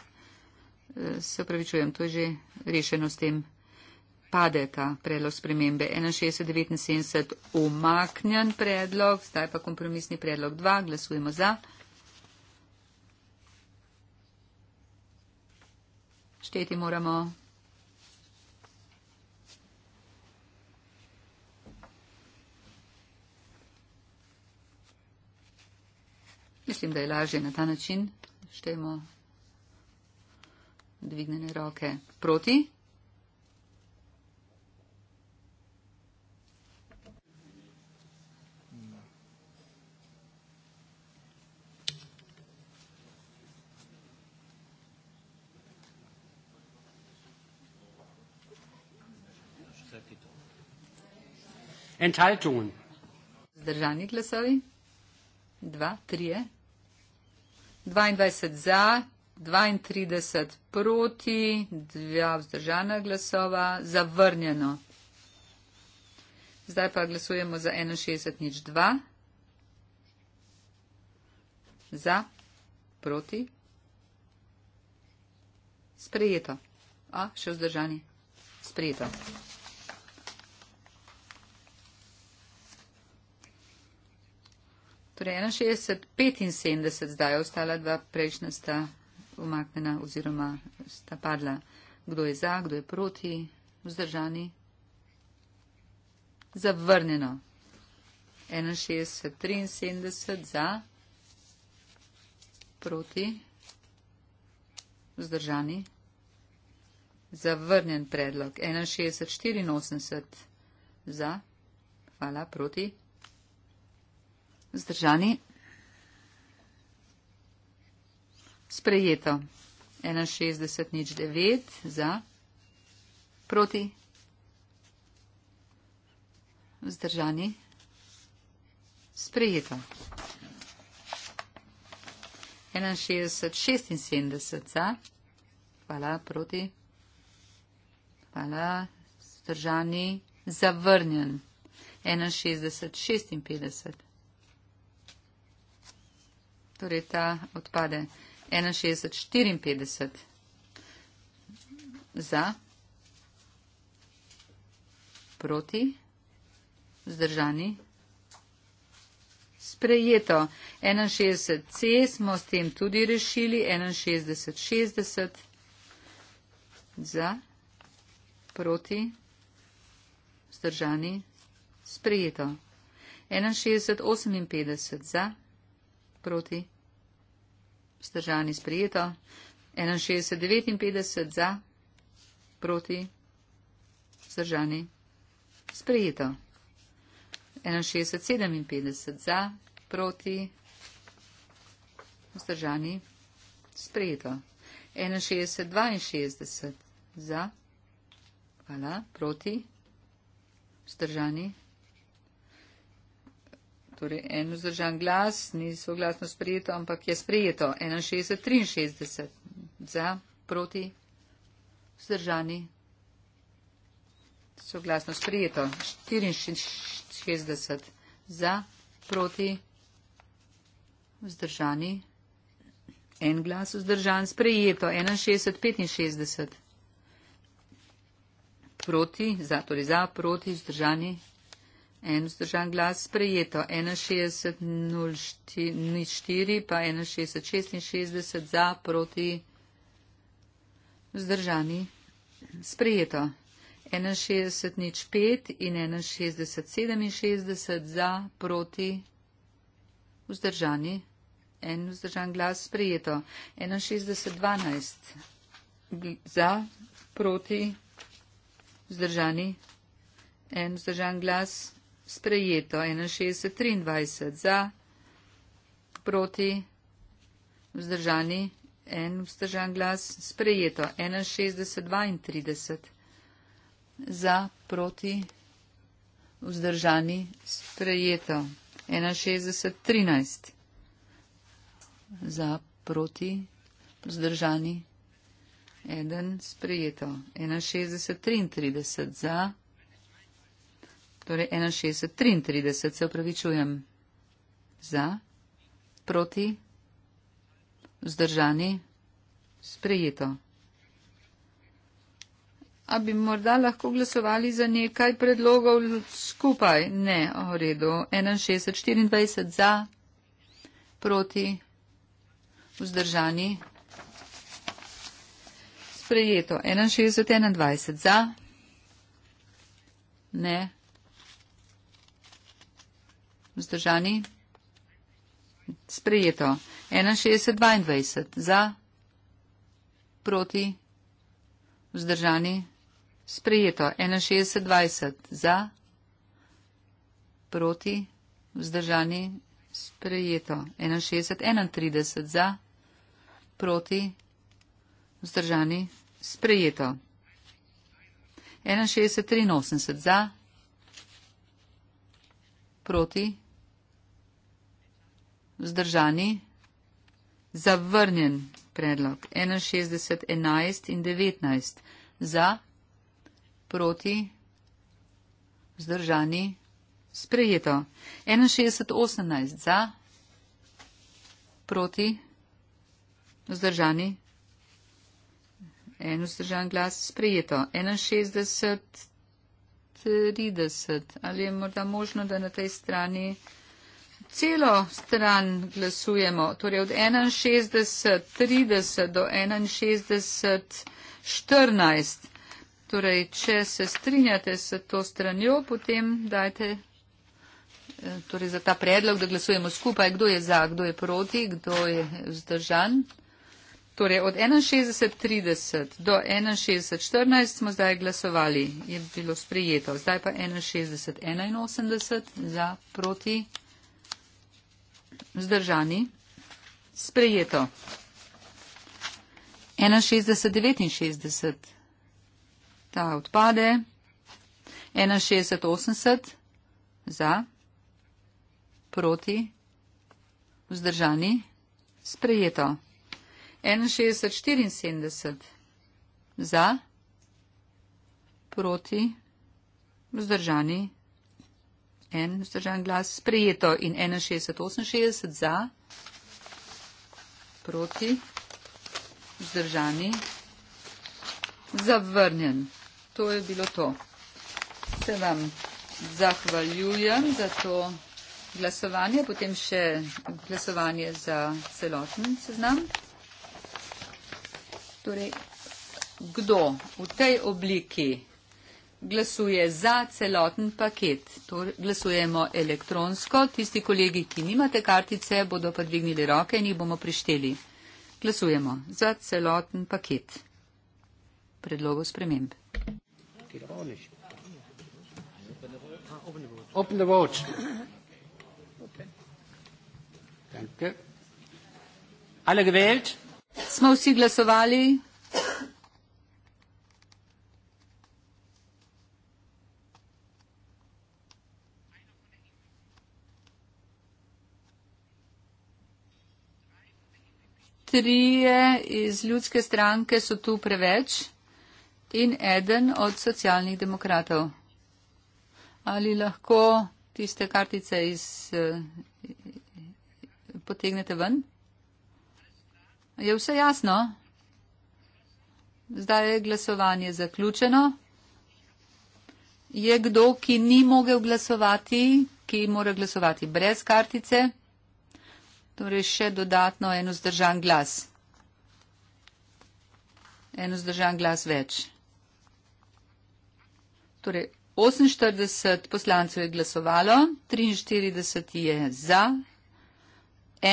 eh, se upravičujem, to je že rešeno s tem. Pade ta predlog spremembe. 61-79, umaknjen predlog, zdaj pa kompromisni predlog 2, glasujemo za. 4 moramo. Mislim, da je lažje na ta način. Štejmo dvignjene roke proti. Enthaltungen. Zdržani glasovi. Dva, trije. 22 za, 32 proti, 2 vzdržana glasova, zavrnjeno. Zdaj pa glasujemo za 61 nič 2. Za, proti. Sprejeto. A, še vzdržani. Sprejeto. Torej 61, 75 zdaj je ostala, dva prejšnja sta umaknjena oziroma sta padla. Kdo je za, kdo je proti, vzdržani? Zavrnjeno. 61, 73 za, proti, vzdržani. Zavrnjen predlog. 61, 84 za, hvala, proti. Zdržani. Sprejeto. 61 nič 9 za. Proti. Zdržani. Sprejeto. 61, 76 za. Hvala, proti. Hvala, zdržani, zavrnjen. 61, 56 torej ta odpade 61-54 za, proti, zdržani, sprejeto. 61C smo s tem tudi rešili, 61-60 za, proti, zdržani, sprejeto. 61-58 za proti. Vzdržani sprijeto. 61, 59 za, proti. Vzdržani sprijeto. 61, 57 za, proti. Vzdržani sprijeto. 61, 62 za, hvala, proti. Vzdržani sprijeto. Torej, en vzdržan glas, ni soglasno sprejeto, ampak je sprejeto. 61-63 za, proti, vzdržani. Soglasno sprejeto. 64 za, proti, vzdržani. En glas vzdržan, sprejeto. 61-65 proti, za, torej za, proti, vzdržani. En vzdržan glas sprejeto. 61.04 pa 61.66 za proti vzdržani. Sprejeto. 61.05 in 61.67 za proti vzdržani. En vzdržan glas sprejeto. 61.12 za proti vzdržani. En vzdržan glas sprejeto sprejeto 61-23 za, proti, vzdržani, en vzdržan glas, sprejeto 61-32 za, proti, vzdržani, sprejeto 61-13 za, proti, vzdržani, eden sprejeto 61-33 za. Torej 61, 33 se upravičujem. Za, proti, vzdržani, sprejeto. A bi morda lahko glasovali za nekaj predlogov skupaj? Ne, o redu. 61, 24 za, proti, vzdržani, sprejeto. 61, 21 za, ne. Vzdržani? Sprejeto. 61-22. Za? Proti? Vzdržani? Sprejeto. 61-20. Za? Proti? Vzdržani? Sprejeto. 61-31. Za? Proti? Vzdržani? Sprejeto. 61-83. Za? Proti? vzdržani, zavrnjen predlog 61, 11 in 19 za, proti, vzdržani, sprejeto 61, 18 za, proti, vzdržani, en vzdržan glas, sprejeto 61, 30 ali je morda možno, da na tej strani celo stran glasujemo, torej od 61.30 do 61.14. Torej, če se strinjate s to stranjo, potem dajte eh, torej za ta predlog, da glasujemo skupaj, kdo je za, kdo je proti, kdo je vzdržan. Torej, od 61.30 do 61.14 smo zdaj glasovali, je bilo sprejeto. Zdaj pa 61.81 za proti. Zdržani. Sprejeto. 61, 69. Ta odpade. 61, 80. Za. Proti. Vzdržani. Sprejeto. 61, 74. Za. Proti. Vzdržani. En vzdržan glas. Sprejeto in 61-68 za, proti, vzdržani, zavrnjen. To je bilo to. Se vam zahvaljujem za to glasovanje, potem še glasovanje za celoten seznam. Torej, kdo v tej obliki glasuje za celoten paket. To torej, glasujemo elektronsko. Tisti kolegi, ki nimate kartice, bodo pa dvignili roke in jih bomo prišteli. Glasujemo za celoten paket predlogov sprememb. Open the vote. Okay. Alle gewählt? Smo vsi glasovali? trije iz ljudske stranke so tu preveč in eden od socialnih demokratov. Ali lahko tiste kartice iz, eh, potegnete ven? Je vse jasno? Zdaj je glasovanje zaključeno. Je kdo, ki ni mogel glasovati, ki mora glasovati brez kartice? Torej še dodatno en vzdržan glas. En vzdržan glas več. Torej, 48 poslancev je glasovalo, 43 je za,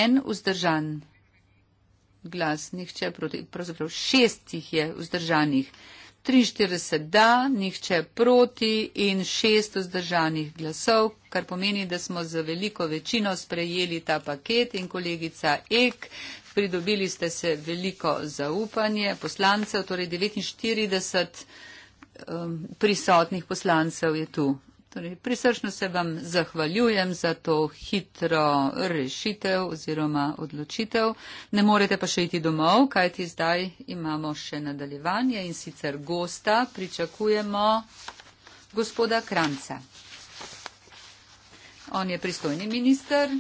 en vzdržan glas, nihče proti, pravzaprav šest jih je vzdržanih. 43 da, nihče proti in 6 vzdržanih glasov, kar pomeni, da smo za veliko večino sprejeli ta paket in kolegica Ek, pridobili ste se veliko zaupanje poslancev, torej 49 um, prisotnih poslancev je tu. Torej, prisrčno se vam zahvaljujem za to hitro rešitev oziroma odločitev. Ne morete pa še iti domov, kajti zdaj imamo še nadaljevanje in sicer gosta pričakujemo gospoda Kranca. On je pristojni minister.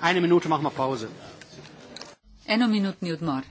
Eine Minute machen wir Pause. Eine Minute nicht mehr.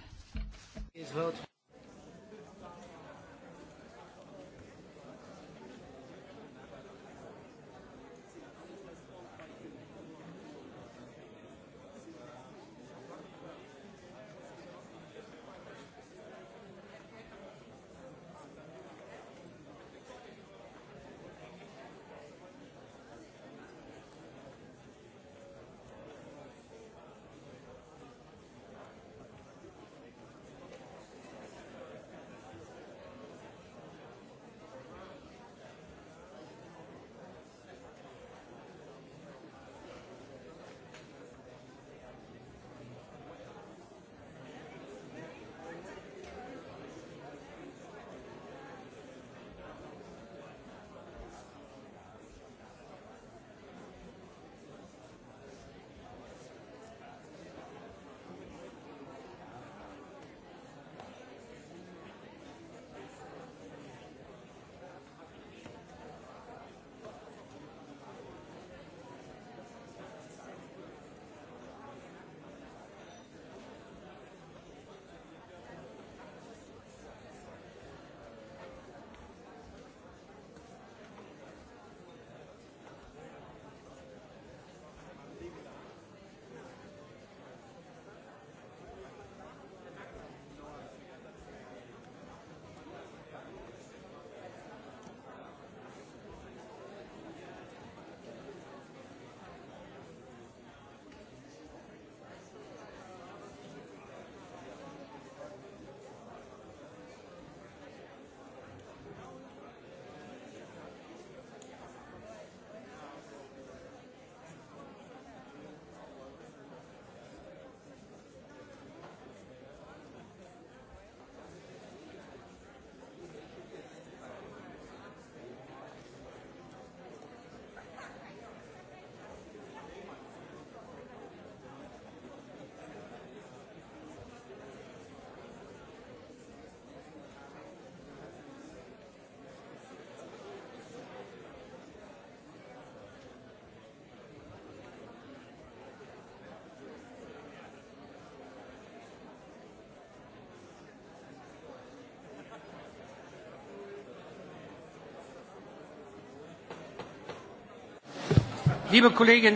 Dragi kolegi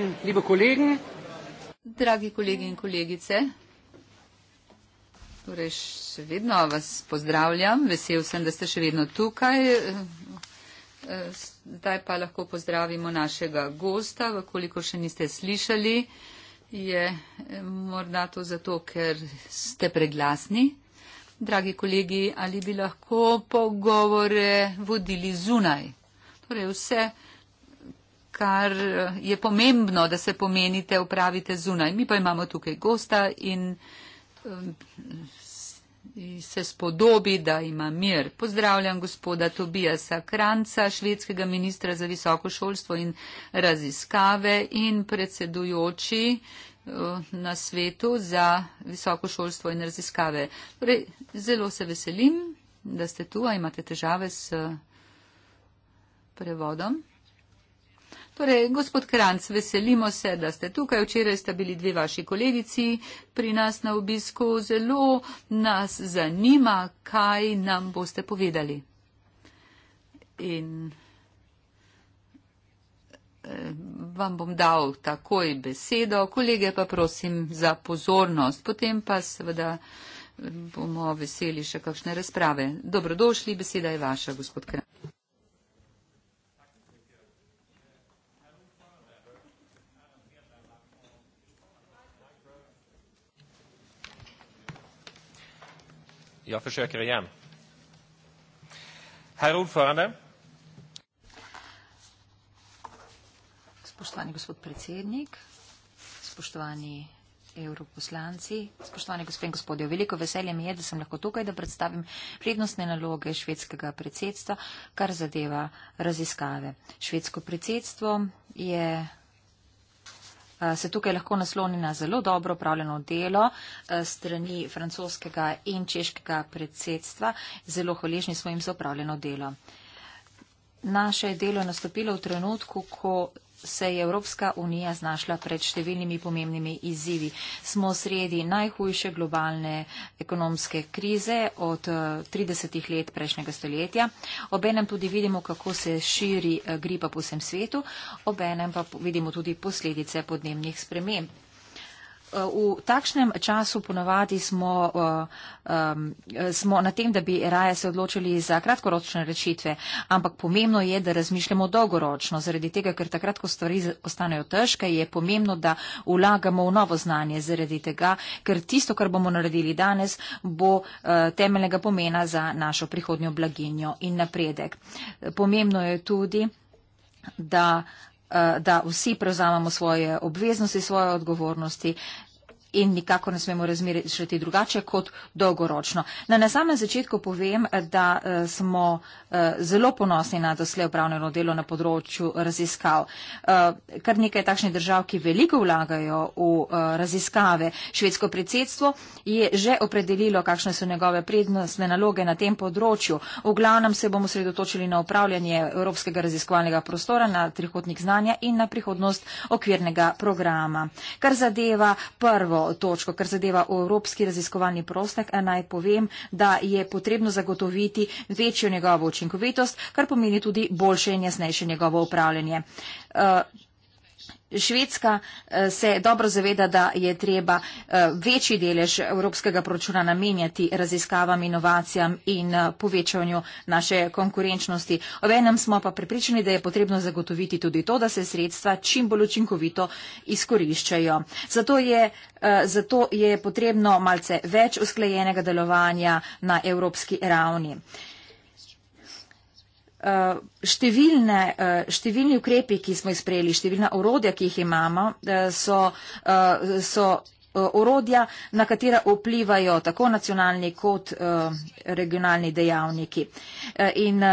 in kolegice, torej še vedno vas pozdravljam, vesel sem, da ste še vedno tukaj. Zdaj pa lahko pozdravimo našega gosta, vkoliko še niste slišali, je morda to zato, ker ste preglasni. Dragi kolegi, ali bi lahko pogovore vodili zunaj? Torej vse, kar eh, je pomembno, da se pomenite, upravite zunaj. Mi pa imamo tukaj gosta eh, in se spodobi, da ima mir. Pozdravljam gospoda Tobijasa Kranca, švedskega ministra za visoko šolstvo in raziskave in predsedujoči eh, na svetu za visoko šolstvo in raziskave. Torej, zelo se veselim, da ste tu, a imate težave s prevodom. Torej, gospod Kranc, veselimo se, da ste tukaj. Včeraj sta bili dve vaši kolegici pri nas na obisku. Zelo nas zanima, kaj nam boste povedali. In eh, vam bom dal takoj besedo. Kolege pa prosim za pozornost. Potem pa seveda eh, bomo veseli še kakšne razprave. Dobrodošli, beseda je vaša, gospod Kranc. Jag försöker igen. Herr ordförande. Spoštovani gospod predsednik, spoštovani europoslanci, spoštovani gospod in gospodje, veliko veselje mi je, da sem lahko tukaj, da predstavim prednostne naloge švedskega predsedstva, kar zadeva raziskave. Švedsko predsedstvo je Eh, se tukaj lahko nasloni na zelo dobro upravljeno delo eh, strani francoskega in češkega predsedstva. Zelo hvaležni smo jim za upravljeno delo. Naše delo je nastopilo v trenutku, ko se je Evropska unija znašla pred številnimi pomembnimi izzivi. Smo sredi najhujše globalne ekonomske krize od 30 eh, let prejšnjega stoletja. Obenem tudi vidimo, kako se širi eh, gripa po vsem svetu, obenem pa vidimo tudi posledice podnebnih sprememb. Eh, v takšnem času ponavadi smo, um, smo na tem, da bi raje se odločili za kratkoročne rešitve, ampak pomembno je, da razmišljamo dolgoročno. Zaradi tega, ker takrat, ko stvari ostanejo težke, je pomembno, da vlagamo v novo znanje. Zaradi tega, ker tisto, kar bomo naredili danes, bo uh, temeljnega pomena za našo prihodnjo blaginjo in napredek. Pomembno je tudi, da. Uh, Eh, da vsi prevzamemo svoje obveznosti, svoje odgovornosti in nikako ne smemo razmišljati drugače kot dolgoročno. Na, na samem začetku povem, da uh, smo uh, zelo ponosni na doslej upravljeno delo na področju raziskav. Uh, kar nekaj takšnih držav, ki veliko vlagajo v uh, raziskave. Švedsko predsedstvo je že opredelilo, kakšne so njegove prednostne naloge na tem področju. V glavnem se bomo sredotočili na upravljanje evropskega raziskovalnega prostora, na trihotnik znanja in na prihodnost okvirnega programa. Kar zadeva prvo točko. Kar zadeva Evropski raziskovalni prostek, eh, naj povem, da je potrebno zagotoviti večjo njegovo učinkovitost, kar pomeni tudi boljše in jasnejše njegovo upravljanje. Uh, Švedska eh, se dobro zaveda, da je treba eh, večji delež evropskega proračuna namenjati raziskavam, inovacijam in eh, povečanju naše konkurenčnosti. Ovenem smo pa prepričani, da je potrebno zagotoviti tudi to, da se sredstva čim bolj učinkovito izkoriščajo. Zato je, zato je potrebno malce več usklajenega delovanja na evropski ravni. Eh, številne, eh, številni ukrepi, ki smo jih sprejeli, številna orodja, ki jih imamo, eh, so, so orodja, na katera vplivajo tako nacionalni kot regionalni dejavniki. In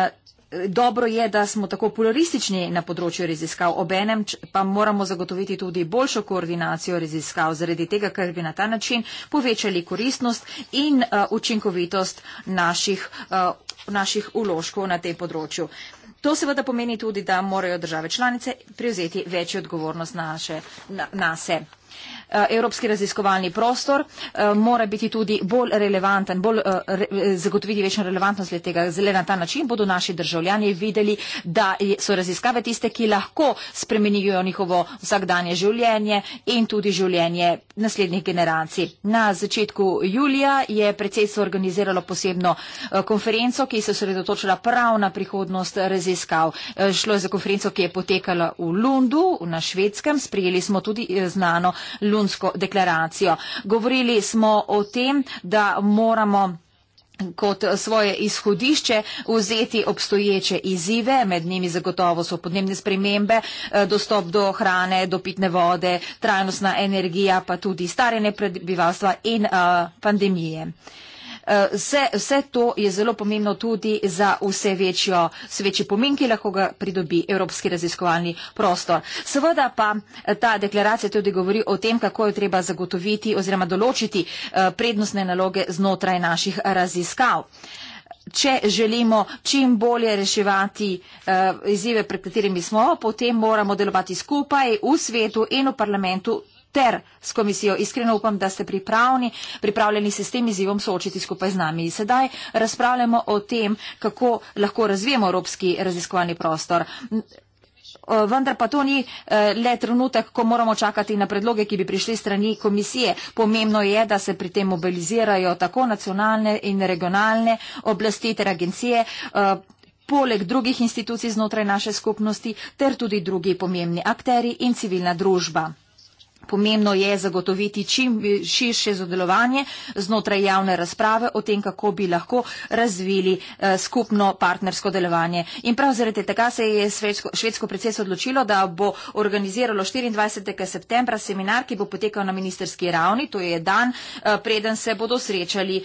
dobro je, da smo tako pluralistični na področju raziskav, obenem pa moramo zagotoviti tudi boljšo koordinacijo raziskav, zaradi tega, ker bi na ta način povečali koristnost in učinkovitost naših naših uložkov na tem področju. To seveda pomeni tudi, da morajo države članice prevzeti večjo odgovornost naše, na, na se. Eh, evropski raziskovalni prostor eh, mora biti tudi bolj relevanten, bolj eh, zagotoviti večjo relevantnost le tega. Zle na ta način bodo naši državljani videli, da so raziskave tiste, ki lahko spremenijo njihovo vsakdanje življenje in tudi življenje naslednjih generacij. Na začetku julija je predsedstvo organiziralo posebno konferenco, ki se je sredotočila prav na prihodnost raziskav. Šlo je za konferenco, ki je potekala v Lundu, na švedskem. Sprijeli smo tudi znano Lundu Londonsko deklaracijo. Govorili smo o tem, da moramo kot svoje izhodišče vzeti obstoječe izzive, med njimi zagotovo so podnebne spremembe, eh, dostop do hrane, do pitne vode, trajnostna energija, pa tudi starjenje prebivalstva in uh, pandemije. Eh, vse, vse to je zelo pomembno tudi za vse večjo, večji pomen, ki lahko ga pridobi Evropski raziskovalni prostor. Seveda pa eh, ta deklaracija tudi govori o tem, kako jo treba zagotoviti oziroma določiti eh, prednostne naloge znotraj naših raziskav. Če želimo čim bolje reševati uh, izzive, pred katerimi smo, potem moramo delovati skupaj v svetu in v parlamentu ter s komisijo. Iskreno upam, da ste pripravni, pripravljeni se s tem izzivom soočiti skupaj z nami. Sedaj razpravljamo o tem, kako lahko razvijemo evropski raziskovalni prostor. Vendar pa to ni eh, le trenutek, ko moramo čakati na predloge, ki bi prišli strani komisije. Pomembno je, da se pri tem mobilizirajo tako nacionalne in regionalne oblasti ter agencije, eh, poleg drugih institucij znotraj naše skupnosti, ter tudi drugi pomembni akteri in civilna družba. Pomembno je zagotoviti čim širše zadelovanje znotraj javne razprave o tem, kako bi lahko razvili eh, skupno partnersko delovanje. In prav zaradi tega se je švedsko, švedsko predsedstvo odločilo, da bo organiziralo 24. septembra seminar, ki bo potekal na ministerski ravni. To je dan, eh, preden se bodo srečali eh,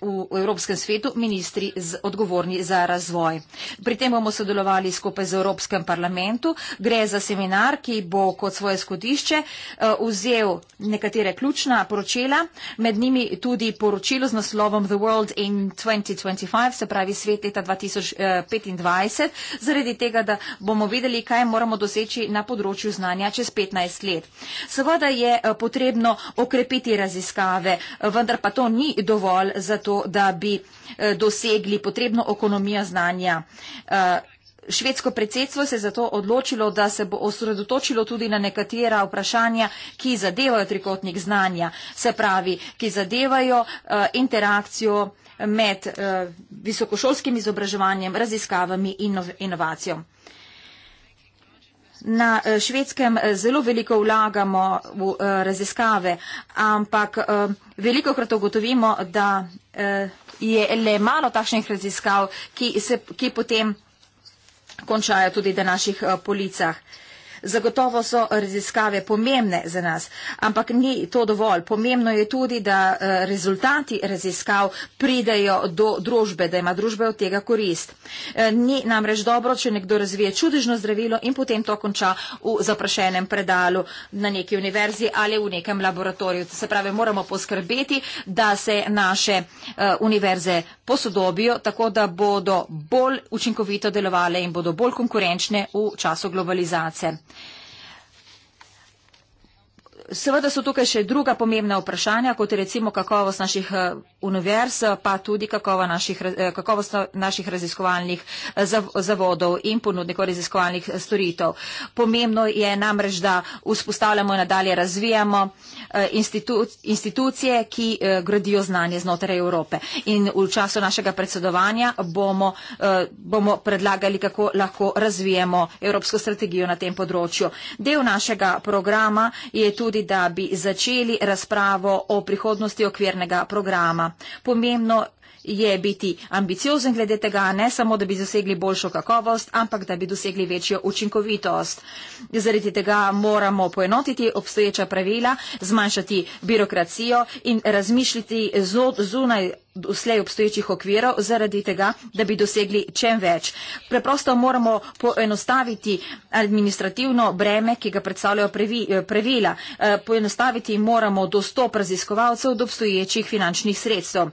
v Evropskem svetu ministri odgovorni za razvoj. Pri tem bomo sodelovali skupaj z Evropskem parlamentu. Gre za seminar, ki bo kot svoje skutišče Eh, vzel nekatere ključna poročila, med njimi tudi poročilo z naslovom The World in 2025, se pravi svet leta 2025, eh, zaradi tega, da bomo videli, kaj moramo doseči na področju znanja čez 15 let. Seveda je eh, potrebno okrepiti raziskave, vendar pa to ni dovolj za to, da bi dosegli potrebno ekonomijo znanja. Švedsko predsedstvo se je zato odločilo, da se bo osredotočilo tudi na nekatera vprašanja, ki zadevajo trikotnik znanja, se pravi, ki zadevajo uh, interakcijo med uh, visokošolskim izobraževanjem, raziskavami in inov inovacijo. Na eh, švedskem zelo veliko vlagamo v uh, raziskave, ampak uh, veliko krat ugotovimo, da uh, je le malo takšnih raziskav, ki, se, ki potem končajo tudi na naših eh, policah. Zagotovo so raziskave pomembne za nas, ampak ni to dovolj. Pomembno je tudi, da eh, rezultati raziskav pridejo do družbe, da ima družba od tega korist. Eh, ni namreč dobro, če nekdo razvije čudežno zdravilo in potem to konča v zaprašenem predalu na neki univerzi ali v nekem laboratoriju. Se pravi, moramo poskrbeti, da se naše eh, univerze posodobijo, tako da bodo bolj učinkovito delovale in bodo bolj konkurenčne v času globalizacije. Seveda so tukaj še druga pomembna vprašanja, kot je recimo kakovost naših eh, univerz, pa tudi kakovost naših, eh, kakovost naših raziskovalnih eh, zavodov in ponudnikov raziskovalnih storitev. Pomembno je namreč, da vzpostavljamo in nadalje razvijamo institucije, ki gradijo znanje znotraj Evrope. In v času našega predsedovanja bomo, bomo predlagali, kako lahko razvijemo evropsko strategijo na tem področju. Del našega programa je tudi, da bi začeli razpravo o prihodnosti okvirnega programa. Pomembno je biti ambiciozen glede tega, ne samo, da bi zasegli boljšo kakovost, ampak da bi dosegli večjo učinkovitost. Zaradi tega moramo poenotiti obstoječa pravila, zmanjšati birokracijo in razmišljati zunaj vsej obstoječih okvirov, zaradi tega, da bi dosegli čem več. Preprosto moramo poenostaviti administrativno breme, ki ga predstavljajo eh, pravila. Eh, poenostaviti moramo dostop raziskovalcev do obstoječih finančnih sredstev.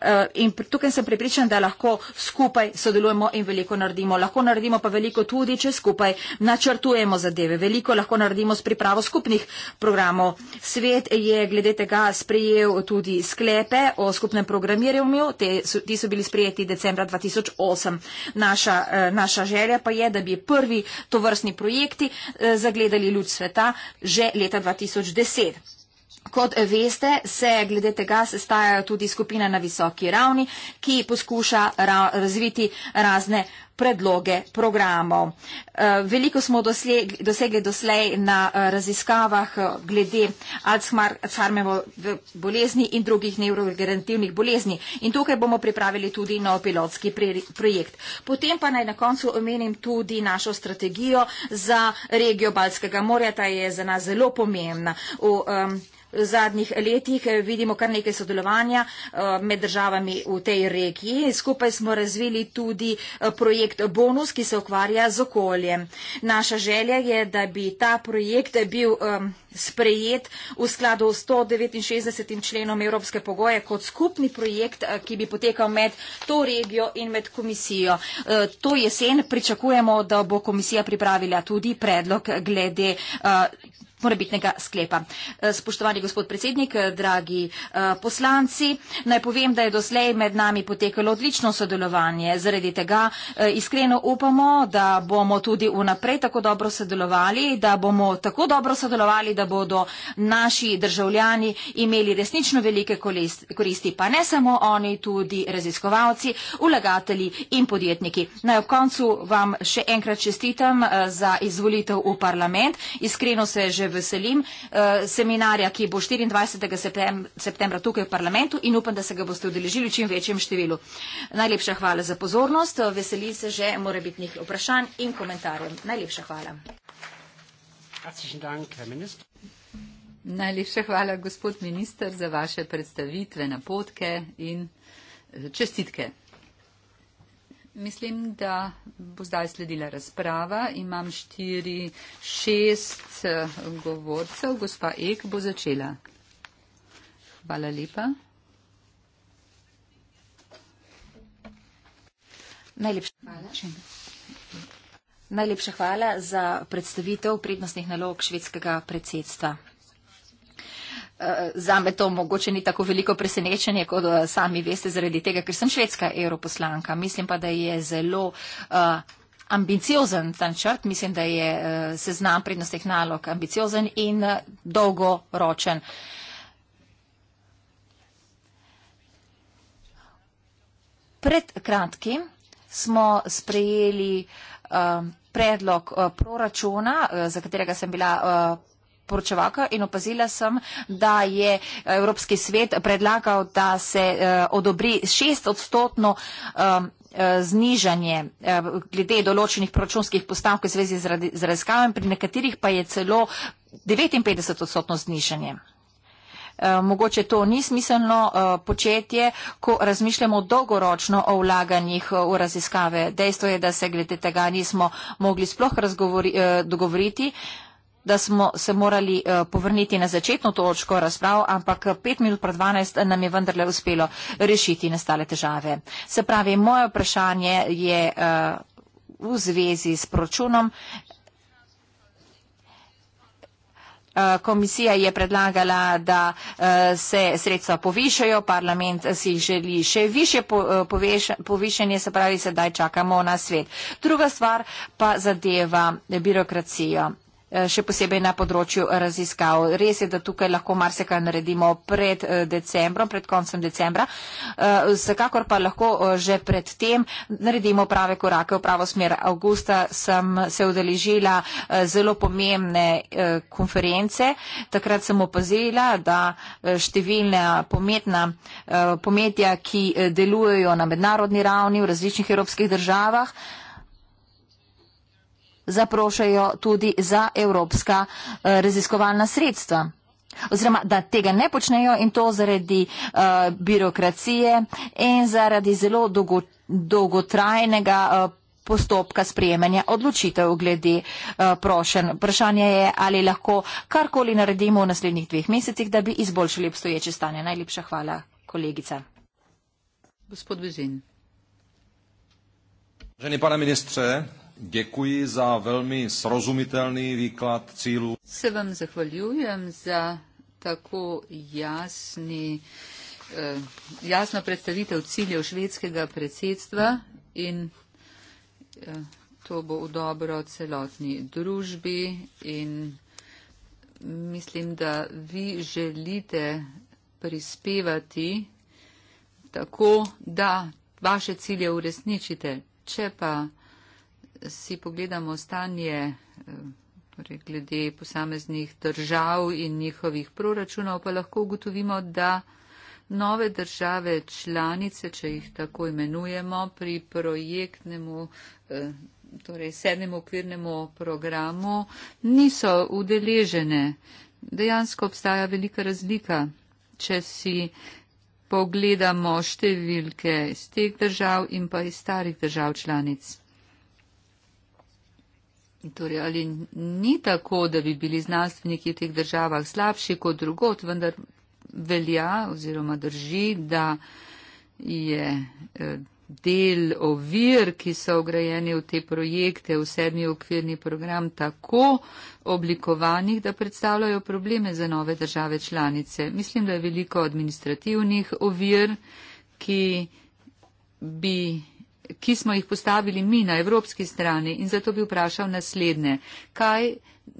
Eh, in tukaj sem pripričan, da lahko skupaj sodelujemo in veliko naredimo. Lahko naredimo pa veliko tudi, če skupaj načrtujemo zadeve. Veliko lahko naredimo s pripravo skupnih programov. Svet je glede tega sprejel tudi sklepe o skupnem programu miru, te so, ti so bili sprejeti decembra 2008. Naša, eh, naša želja pa je, da bi prvi tovrstni projekti eh, zagledali ljud sveta že leta 2010. Kot veste, se glede tega sestajajo tudi skupine na visoki ravni, ki poskuša ra razviti razne predloge programov. Eh, veliko smo dosle, dosegli doslej na eh, raziskavah eh, glede Alzheimerjeve bolezni in drugih neurogerentivnih bolezni. In tukaj bomo pripravili tudi nov pilotski projekt. Potem pa naj na koncu omenim tudi našo strategijo za regijo Balskega morja, ta je za nas zelo pomembna. V, um, zadnjih letih eh, vidimo kar nekaj sodelovanja eh, med državami v tej regiji. Skupaj smo razvili tudi eh, projekt Bonus, ki se ukvarja z okoljem. Naša želja je, da bi ta projekt bil um, sprejet v skladu 169. členom Evropske pogoje kot skupni projekt, eh, ki bi potekal med to regijo in med komisijo. Eh, to jesen pričakujemo, da bo komisija pripravila tudi predlog glede eh, morebitnega sklepa. Spoštovani gospod predsednik, dragi poslanci, naj povem, da je doslej med nami potekalo odlično sodelovanje. Zaradi tega iskreno upamo, da bomo tudi vnaprej tako dobro sodelovali, da bomo tako dobro sodelovali, da da bodo naši državljani imeli resnično velike koristi, pa ne samo oni, tudi raziskovalci, vlagatelji in podjetniki. Naj no, ob koncu vam še enkrat čestitam eh, za izvolitev v parlament. Iskreno se že veselim eh, seminarja, ki bo 24. septembra tukaj v parlamentu in upam, da se ga boste udeležili v čim večjem številu. Najlepša hvala za pozornost. Veselim se že morebitnih vprašanj in komentarjev. Najlepša hvala. Herzlichen Dank, Herr Minister. Najlepša hvala, gospod minister, za vaše predstavitve, napotke in eh, čestitke. Mislim, da bo zdaj sledila razprava. Imam štiri, šest eh, govorcev. Gospa Ek bo začela. Hvala lepa. Najlepša hvala. Najlepša hvala za predstavitev prednostnih nalog švedskega predsedstva za me to mogoče ni tako veliko presenečenje, kot eh, sami veste, zaradi tega, ker sem švedska europoslanka. Mislim pa, da je zelo eh, ambiciozen ta načrt, mislim, da je eh, seznam prednostnih nalog ambiciozen in dolgoročen. Pred kratkim smo sprejeli predlog proračuna, za katerega sem bila poročevalka in opazila sem, da je eh, Evropski svet predlagal, da se eh, odobri šest odstotno eh, znižanje glede določenih proračunskih postavk v zvezi z raziskavami, pri nekaterih pa je celo 59 odstotno znižanje. Mogoče to ni smiselno početje, ko razmišljamo dolgoročno o vlaganjih v raziskave. Dejstvo je, da se glede tega nismo mogli sploh dogovoriti da smo se morali eh, povrniti na začetno točko razprav, ampak eh, pet minut pred dvanajst nam je vendarle uspelo rešiti nastale težave. Se pravi, moje vprašanje je eh, v zvezi s proračunom. Komisija je predlagala, da se sredstva povišajo, parlament si želi še više povišanje, se pravi, sedaj čakamo na svet. Druga stvar pa zadeva birokracijo. Eh, še posebej na področju raziskav. Res je, da tukaj lahko marsikaj naredimo pred eh, decembrom, pred koncem decembra. Eh, vsekakor pa lahko že pred tem naredimo prave korake v pravo smer. Augusta sem se udeležila zelo pomembne konference. Takrat sem opazila, da številna pometna pometja, ki delujejo na mednarodni ravni v različnih evropskih državah, zaprošajo tudi za evropska eh, raziskovalna sredstva. Oziroma, da tega ne počnejo in to zaradi uh, birokracije in zaradi zelo dolgo, dolgotrajnega uh, postopka sprejemanja odločitev glede uh, prošen. Vprašanje je, ali lahko karkoli naredimo v naslednjih dveh mesecih, da bi izboljšali obstoječe stanje. Najlepša hvala, kolegica. Gospod Vizin. Ženi pana ministre, Děkuji za velmi srozumitelný výklad cílu. Se vám zahvaljujem za tako jasni, eh, jasno predstavitev ciljev švedskega predsedstva in eh, to bo v dobro celotni družbi in mislim, da vi želite prispevati tako, da vaše cilje uresničite. Če pa si pogledamo stanje eh, torej glede posameznih držav in njihovih proračunov, pa lahko ugotovimo, da nove države članice, če jih tako imenujemo, pri projektnemu, eh, torej sedmem okvirnemu programu niso udeležene. Dejansko obstaja velika razlika, če si pogledamo številke iz teh držav in pa iz starih držav članic. Torej, ali ni tako, da bi bili znanstveniki v teh državah slabši kot drugot, vendar velja oziroma drži, da je eh, del ovir, ki so ugrajeni v te projekte, v sedmi okvirni program, tako oblikovanih, da predstavljajo probleme za nove države članice. Mislim, da je veliko administrativnih ovir, ki bi ki smo jih postavili mi na evropski strani in zato bi vprašal naslednje. Kaj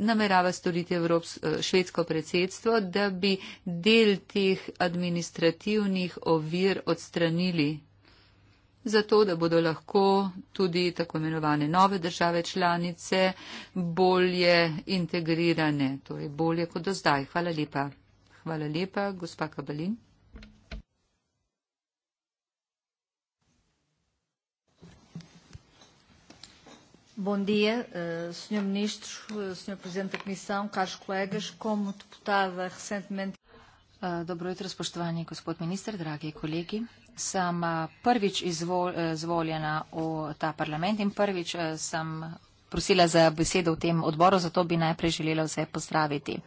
namerava storiti Evrops, eh, švedsko predsedstvo, da bi del teh administrativnih ovir odstranili? Zato, da bodo lahko tudi tako imenovane nove države članice bolje integrirane, torej bolje kot do zdaj. Hvala lepa. Hvala lepa, gospa Kabalin. Bom dia, eh, Sr. Ministro, eh, Sr. Presidente da Comissão, caros colegas, como deputada recentemente. Eh, dobro jutro, spoštovani gospod minister, dragi kolegi. Sem prvič izvoljena v ta parlament in prvič sem prosila za besedo v tem odboru, zato bi najprej želela vse pozdraviti.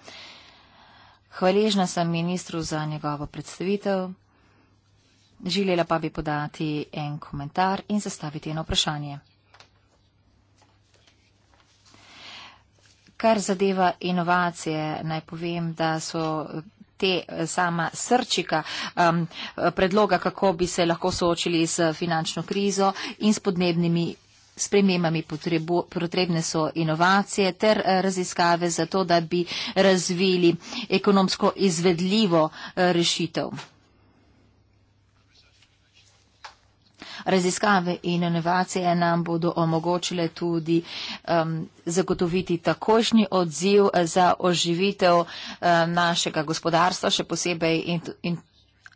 Hvaležna sem ministru za njegovo predstavitev, želela pa bi podati en komentar in zastaviti eno vprašanje. Kar zadeva inovacije, naj povem, da so te eh, sama srčika um, eh, predloga, kako bi se lahko soočili z finančno krizo in s podnebnimi spremembami potrebne so inovacije ter eh, raziskave za to, da bi razvili ekonomsko izvedljivo rešitev. Raziskave in inovacije nam bodo omogočile tudi um, zagotoviti takošnji odziv eh, za oživitev um, našega gospodarstva, še posebej in, in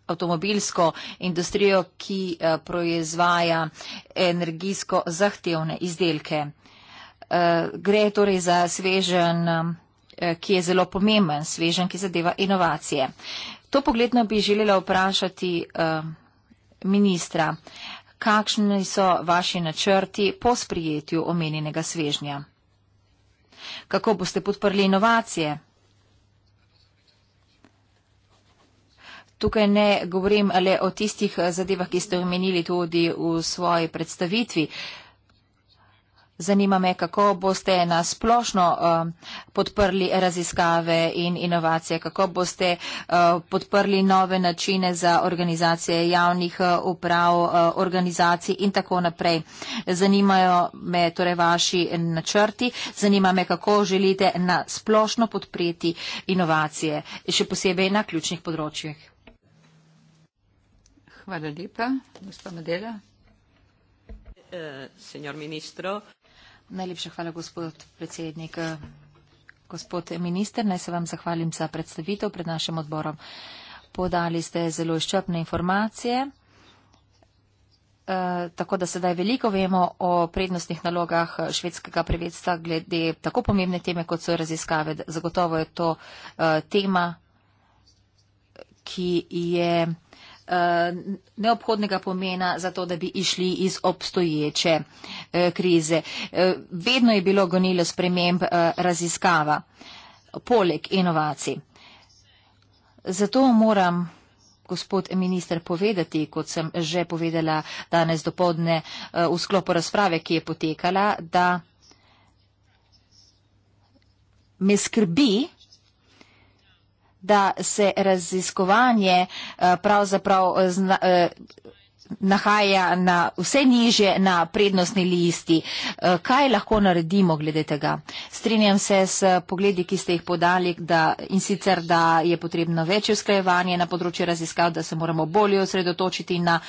avtomobilsko industrijo, ki uh, proizvaja energijsko zahtevne izdelke. Uh, gre torej za svežen, uh, ki je zelo pomemben, svežen, ki zadeva inovacije. To pogledno bi želela vprašati uh, ministra. Uh, kakšni so vaši načrti po sprijetju omenjenega svežnja? Kako boste podprli inovacije? Tukaj ne govorim le o tistih zadevah, ki ste omenili tudi v svoji predstavitvi. Uh, Zanima me, kako boste na splošno uh, podprli raziskave in inovacije, kako boste uh, podprli nove načine za organizacije javnih uh, uprav, uh, organizacij in tako naprej. Zanimajo me torej vaši načrti, zanima me, kako želite na splošno podpreti inovacije, še posebej na ključnih področjih. Hvala lepa, gospod Madela. Uh, Najlepša hvala, gospod predsednik. Gospod minister, naj se vam zahvalim za predstavitev pred našim odborom. Podali ste zelo izčrpne informacije, eh, tako da sedaj veliko vemo o prednostnih nalogah švedskega prevedstva glede tako pomembne teme, kot so raziskave. Zagotovo je to eh, tema, ki je neobhodnega pomena za to, da bi išli iz obstoječe eh, krize. Eh, vedno je bilo gonilo sprememb eh, raziskava, poleg inovacij. Zato moram, gospod minister, povedati, kot sem že povedala danes dopodne v sklopu razprave, ki je potekala, da me skrbi, da se raziskovanje eh, pravzaprav eh, zna, eh, nahaja na vse niže na prednostni listi. Eh, kaj lahko naredimo glede tega? Strinjam se s eh, pogledi, ki ste jih podali, da in sicer, da je potrebno večje usklajevanje na področju raziskav, da se moramo bolje osredotočiti na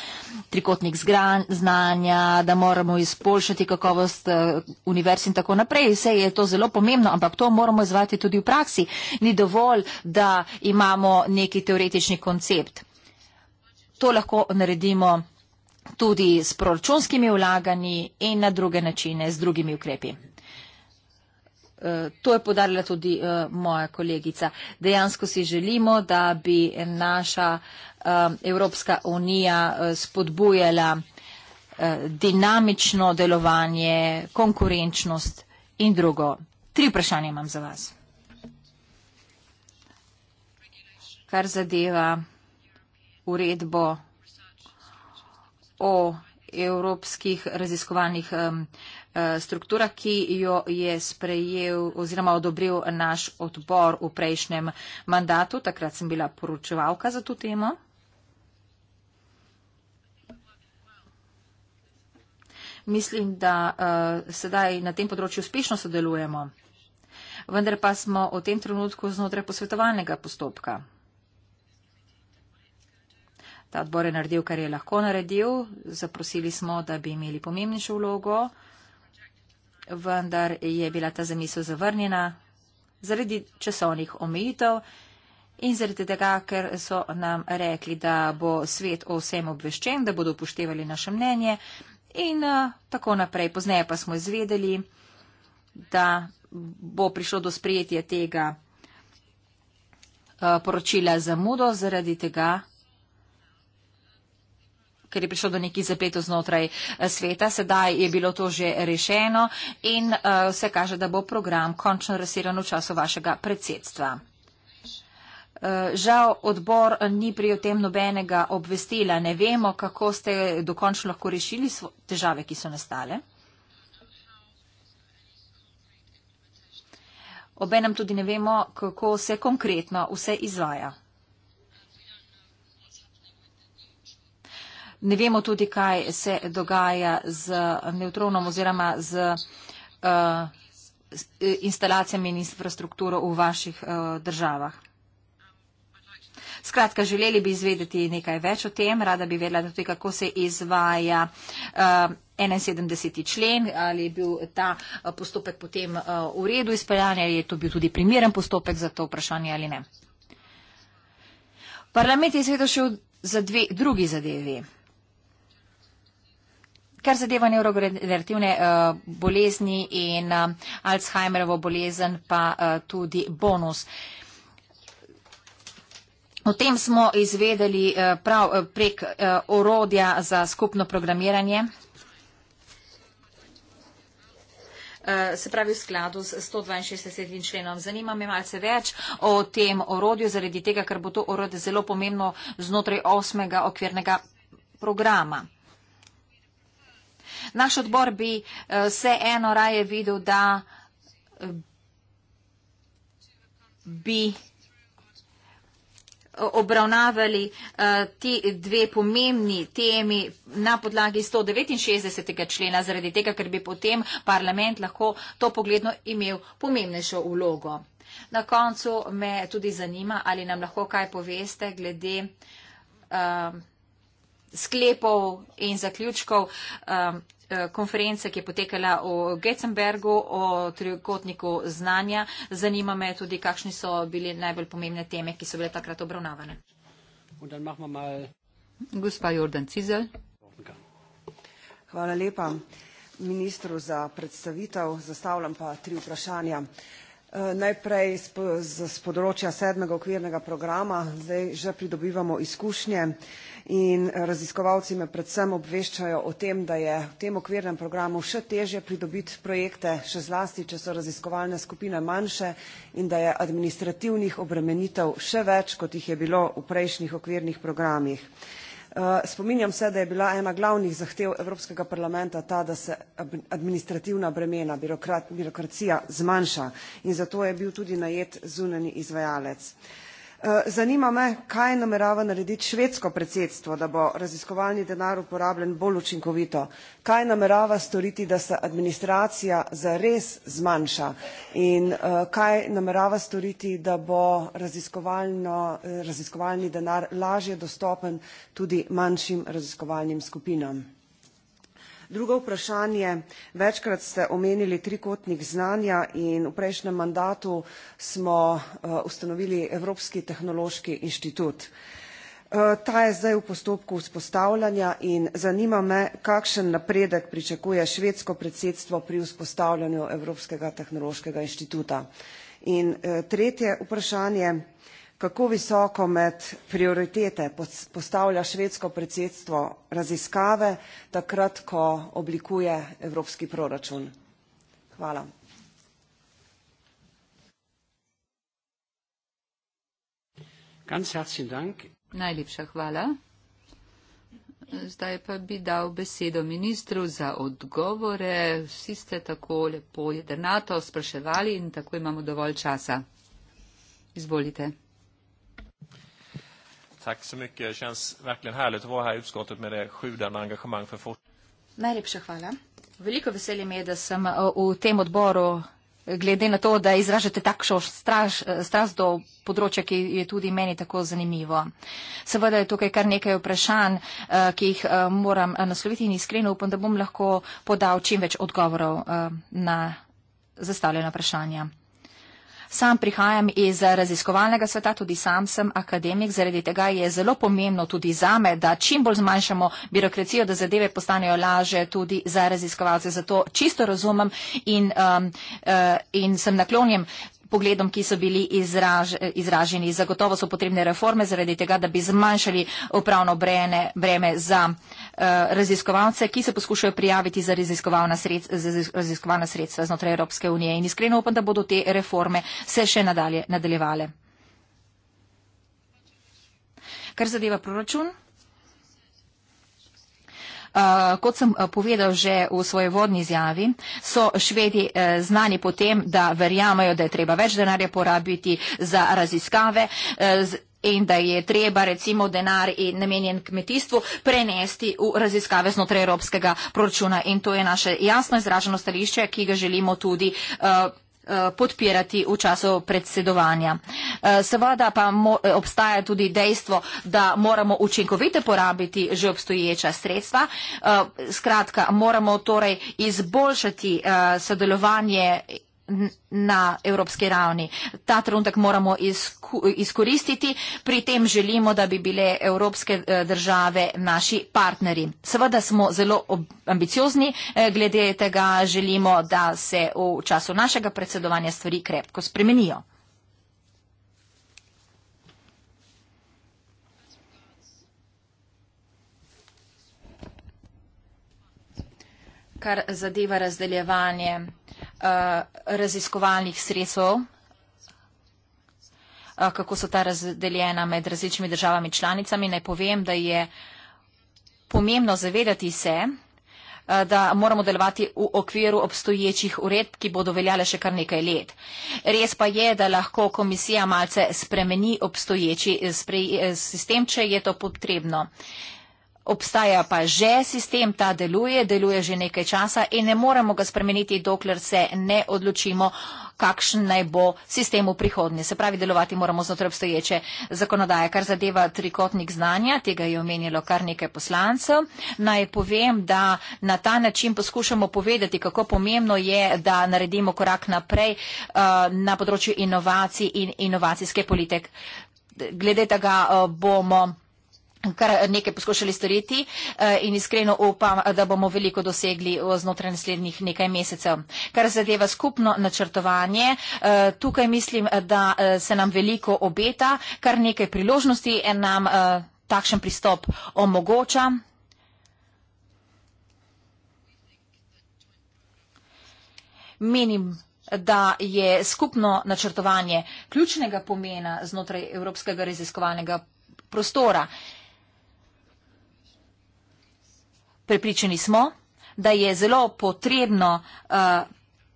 trikotnik zgran, znanja, da moramo izboljšati kakovost eh, univerz in tako naprej. Vse je to zelo pomembno, ampak to moramo izvati tudi v praksi. Ni dovolj, da imamo neki teoretični koncept to lahko naredimo tudi s proračunskimi vlaganji in na druge načine, z drugimi ukrepi. E, to je podarila tudi e, moja kolegica. Dejansko si želimo, da bi naša e, Evropska unija spodbujala dinamično delovanje, konkurenčnost in drugo. Tri vprašanje imam za vas. Kar zadeva uredbo o evropskih raziskovalnih e, strukturah, ki jo je sprejel oziroma odobril naš odbor v prejšnjem mandatu. Takrat sem bila poročevalka za to temo. Mislim, da uh, sedaj na tem področju uspešno sodelujemo, vendar pa smo v tem trenutku znotraj posvetovalnega postopka. Ta odbor je naredil, kar je lahko naredil. Zaprosili smo, da bi imeli pomembnejšo vlogo, vendar je bila ta zamisel zavrnjena zaradi časovnih omejitev in zaradi tega, ker so nam rekli, da bo svet o vsem obveščen, da bodo upoštevali naše mnenje in eh, tako naprej. Pozneje pa smo izvedeli, da bo prišlo do sprejetja tega eh, poročila za mudo zaradi tega, ker je prišlo do nekih zapletov znotraj eh, sveta. Sedaj je bilo to že rešeno in eh, vse kaže, da bo program končno razsiran v času vašega predsedstva. Eh, žal odbor ni pri o tem nobenega obvestila. Ne vemo, kako ste dokončno lahko rešili težave, ki so nastale. Obenem tudi ne vemo, kako se konkretno vse izvaja. Ne vemo tudi, kaj se dogaja z neutronom oziroma z uh, instalacijami in infrastrukturo v vaših uh, državah. Skratka, želeli bi izvedeti nekaj več o tem. Rada bi vedela tudi, kako se izvaja uh, eh, 71. člen, ali je bil ta postopek potem uh, v redu izpeljanja, ali je to bil tudi primeren postopek za to vprašanje ali ne. Parlament je izvedel še za dve drugi zadevi. Kar zadeva neurogenerativne uh, eh, bolezni in uh, Alzheimerovo bolezen, pa uh, tudi bonus. O tem smo izvedeli uh, prav uh, prek uh, orodja za skupno programiranje. Uh, se pravi v skladu s 162. členom. Zanima me malce več o tem orodju, zaradi tega, ker bo to orodje zelo pomembno znotraj osmega okvirnega programa. Naš odbor bi eh, vse eno raje videl, da eh, bi eh, obravnavali ti dve pomembni temi na podlagi 169. člena, zaradi tega, ker bi potem parlament lahko to pogledno imel pomembnejšo vlogo. Na koncu me tudi zanima, ali nam lahko kaj poveste glede. Uh, sklepov in zaključkov um, eh, konference, ki je potekala v Getzenbergu o trikotniku znanja. Zanima me tudi, kakšni so bili najbolj pomembne teme, ki so bile takrat obravnavane. Gospa Jordan Cizel. Hvala lepa ministru za predstavitev. Zastavljam pa tri vprašanja. Najprej z, z področja sedmega okvirnega programa, zdaj že pridobivamo izkušnje in raziskovalci me predvsem obveščajo o tem, da je v tem okvirnem programu še težje pridobiti projekte, še zlasti, če so raziskovalne skupine manjše in da je administrativnih obremenitev še več, kot jih je bilo v prejšnjih okvirnih programih. Eh, spominjam se, da je bila ena glavnih zahtev Evropskega parlamenta ta, da se administrativna bremena, birokrat, birokracija zmanjša in zato je bil tudi najet zunani izvajalec. Zanima me, kaj namerava narediti švedsko predsedstvo, da bo raziskovalni denar uporabljen bolj učinkovito? Kaj namerava storiti, da se administracija zares zmanjša? In eh, kaj namerava storiti, da bo eh, raziskovalni denar lažje dostopen tudi manjšim raziskovalnim skupinam? Drugo vprašanje. Večkrat ste omenili trikotnik znanja in v prejšnjem mandatu smo eh, ustanovili Evropski tehnološki inštitut. Eh, ta je zdaj v postopku vzpostavljanja in zanima me, kakšen napredek pričakuje švedsko predsedstvo pri vzpostavljanju Evropskega tehnološkega inštituta. In eh, tretje vprašanje kako visoko med prioritete postavlja švedsko predsedstvo raziskave takrat, ko oblikuje evropski proračun. Hvala. Najlepša hvala. Zdaj pa bi dal besedo ministru za odgovore. Vsi ste tako lepo jedrnato spraševali in tako imamo dovolj časa. Izvolite. Tack så mycket. Det känns verkligen härligt att vara här i utskottet med det sjudande engagemang för fort. Najlepša hvala. Veliko veselje mi je, da sem eh, v tem odboru, eh, glede na to, da izražate takšno eh, strast do področja, ki je tudi meni tako zanimivo. Seveda je tukaj kar nekaj vprašanj, ki jih moram nasloviti in iskreno upam, da bom lahko podal čim več odgovorov na zastavljena vprašanja. Sam prihajam iz raziskovalnega sveta, tudi sam sem akademik, zaradi tega je zelo pomembno tudi zame, da čim bolj zmanjšamo birokracijo, da zadeve postanejo laže tudi za raziskovalce. Zato čisto razumem in, um, uh, in sem naklonjen pogledom, ki so bili izraž, izraženi. Zagotovo so potrebne reforme, zaradi tega, da bi zmanjšali upravno breme za. Uh, Eh, raziskovalce, ki se poskušajo prijaviti za raziskovalna sredstva, raziskovalna sredstva znotraj Evropske unije. In iskreno upam, da bodo te reforme se še nadalje nadaljevale. Kar zadeva proračun. Uh, kot sem eh, povedal že v svoji vodni izjavi, so švedi uh, znani potem, da verjamajo, da je treba več denarja porabiti za raziskave. Uh, in da je treba recimo denar in namenjen kmetijstvu prenesti v raziskave znotraj evropskega proračuna. In to je naše jasno izraženo stališče, ki ga želimo tudi. Uh, podpirati v času predsedovanja. Eh, seveda pa obstaja tudi dejstvo, da moramo učinkovite porabiti že obstoječa sredstva. Skratka, moramo torej izboljšati sodelovanje na evropski ravni. Ta trenutek moramo izkoristiti, pri tem želimo, da bi bile evropske eh, države naši partnerji. Seveda smo zelo ambiciozni, eh, glede tega želimo, da se v času našega predsedovanja stvari krepko spremenijo. kar zadeva razdeljevanje uh, raziskovalnih sredstev, uh, kako so ta razdeljena med različnimi državami članicami. Naj povem, da je pomembno zavedati se, eh, da moramo delovati v okviru obstoječih uredb, ki bodo veljale še kar nekaj let. Res pa je, da lahko komisija malce spremeni obstoječi sprej, sistem, če je to potrebno. Uh, Obstaja pa že sistem, ta deluje, deluje že nekaj časa in ne moremo ga spremeniti, dokler se ne odločimo, kakšen naj bo sistem v prihodnje. Se pravi, delovati moramo znotraj obstoječe zakonodaje, kar zadeva trikotnik znanja, tega je omenilo kar nekaj poslancev. Naj povem, da na ta način poskušamo povedati, kako pomembno je, da naredimo korak naprej uh, na področju inovacij in inovacijske politike. Glede tega uh, bomo kar nekaj poskušali storiti eh, in iskreno upam, da bomo veliko dosegli v znotraj naslednjih nekaj mesecev. Kar zadeva skupno načrtovanje, eh, tukaj mislim, da eh, se nam veliko obeta, kar nekaj priložnosti en nam takšen pristop omogoča. Menim, da je skupno načrtovanje ključnega pomena znotraj Evropskega raziskovalnega prostora. Prepričani smo, da je zelo potrebno uh,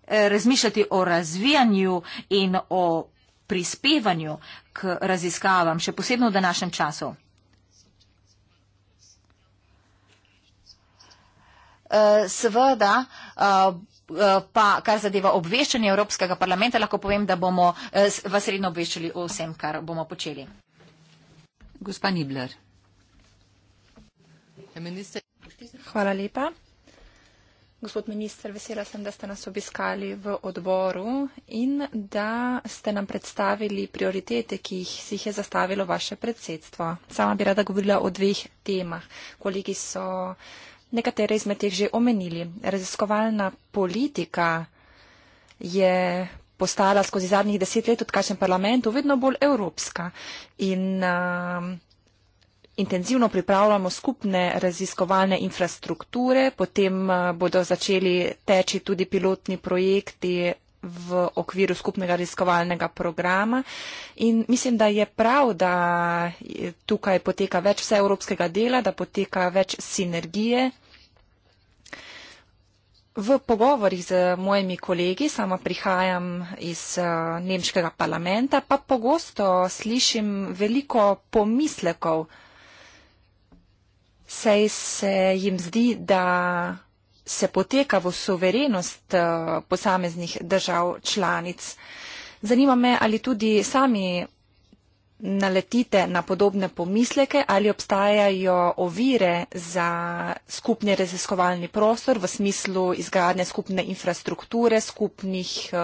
razmišljati o razvijanju in o prispevanju k raziskavam, še posebno v današnjem času. Uh, seveda, uh, pa kar zadeva obveščanje Evropskega parlamenta, lahko povem, da bomo uh, vas redno obveščali o vsem, kar bomo počeli. Gospa Nibler. Minister. Hvala lepa. Gospod minister, vesela sem, da ste nas obiskali v odboru in da ste nam predstavili prioritete, ki jih si jih je zastavilo vaše predsedstvo. Sama bi rada govorila o dveh temah. Kolegi so nekatere izmed teh že omenili. Raziskovalna politika je postala skozi zadnjih deset let, odkar sem parlamentu, vedno bolj evropska. In, uh, intenzivno pripravljamo skupne raziskovalne infrastrukture, potem eh, bodo začeli teči tudi pilotni projekti v okviru skupnega raziskovalnega programa. In mislim, da je prav, da eh, tukaj poteka več vseevropskega dela, da poteka več sinergije. V pogovorih z mojimi kolegi, sama prihajam iz eh, nemškega parlamenta, pa pogosto slišim veliko pomislekov, saj se jim zdi, da se poteka v soverenost eh, posameznih držav članic. Zanima me, ali tudi sami naletite na podobne pomisleke, ali obstajajo ovire za skupni raziskovalni prostor v smislu izgradnje skupne infrastrukture, skupnih eh,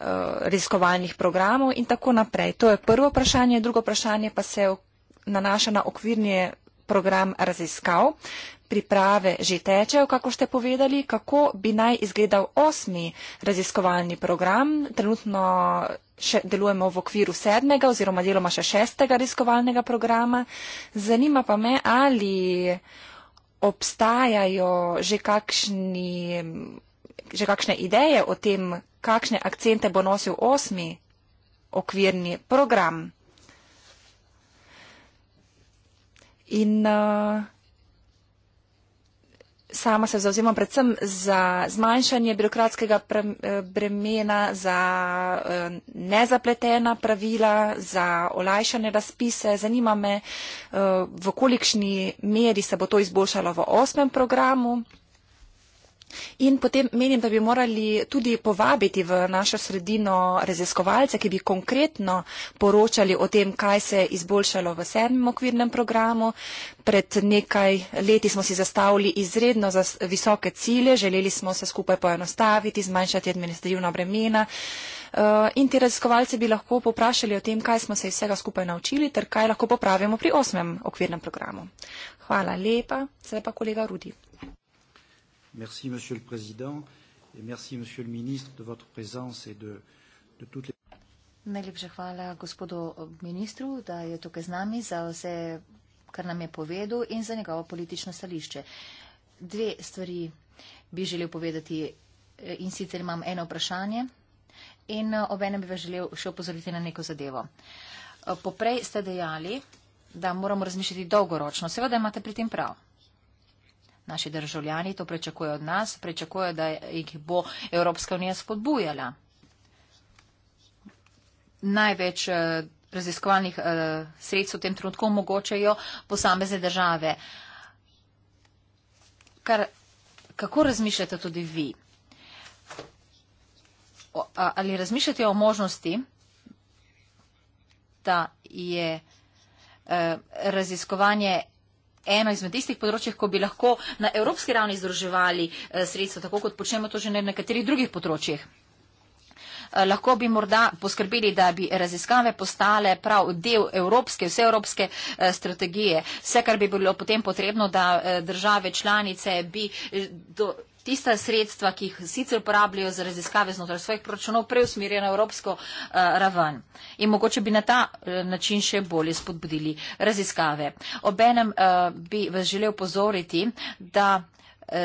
eh, raziskovalnih programov in tako naprej. To je prvo vprašanje. Drugo vprašanje pa se nanaša na okvirne program raziskav. Priprave že tečejo, kako ste povedali, kako bi naj izgledal osmi raziskovalni program. Trenutno še delujemo v okviru sedmega oziroma deloma še šestega raziskovalnega programa. Zanima pa me, ali obstajajo že, kakšni, že kakšne ideje o tem, kakšne akcente bo nosil osmi okvirni program. In uh, sama se zauzemam predvsem za zmanjšanje birokratskega pre, eh, bremena, za uh, nezapletena pravila, za olajšane razpise. Zanima me, uh, v kolikšni meri se bo to izboljšalo v osmem programu. In potem menim, da bi morali tudi povabiti v našo sredino raziskovalce, ki bi konkretno poročali o tem, kaj se je izboljšalo v sedmem okvirnem programu. Pred nekaj leti smo si zastavili izredno za visoke cilje, želeli smo se skupaj poenostaviti, zmanjšati administrativna bremena. Eh, in ti raziskovalci bi lahko poprašali o tem, kaj smo se iz vsega skupaj naučili ter kaj lahko popravimo pri osmem okvirnem programu. Hvala lepa, zdaj pa kolega Rudi. Merci Monsieur le Président et merci Monsieur le Ministre de votre présence et de, de toutes les. Najlepša hvala gospodu ministru, da je tukaj z nami za vse, kar nam je povedal in za njegovo politično stališče. Dve stvari bi želel povedati eh, in sicer imam eno vprašanje in eh, ob enem bi vas želel še opozoriti na neko zadevo. Eh, poprej ste dejali, da moramo razmišljati dolgoročno. Seveda imate pri tem prav. Naši državljani to prečakujejo od nas, prečakujejo, da jih bo Evropska unija spodbujala. Največ eh, raziskovalnih eh, sredstv v tem trenutku omogočajo posamezne države. Kar, kako razmišljate tudi vi? Ali razmišljate o možnosti, da je eh, raziskovanje eno izmed tistih področij, ko bi lahko na evropski ravni združevali eh, sredstva, tako kot počnemo to že na nekaterih drugih področjih. Eh, lahko bi morda poskrbeli, da bi raziskave postale prav del evropske, vseevropske eh, strategije. Vse, kar bi bilo potem potrebno, da države članice bi. Do, tista sredstva, ki jih sicer uporabljajo za raziskave znotraj svojih proračunov, preusmerijo na evropsko uh, raven. In mogoče bi na ta eh, način še bolje spodbudili raziskave. Obenem uh, bi vas želel pozoriti, da, uh,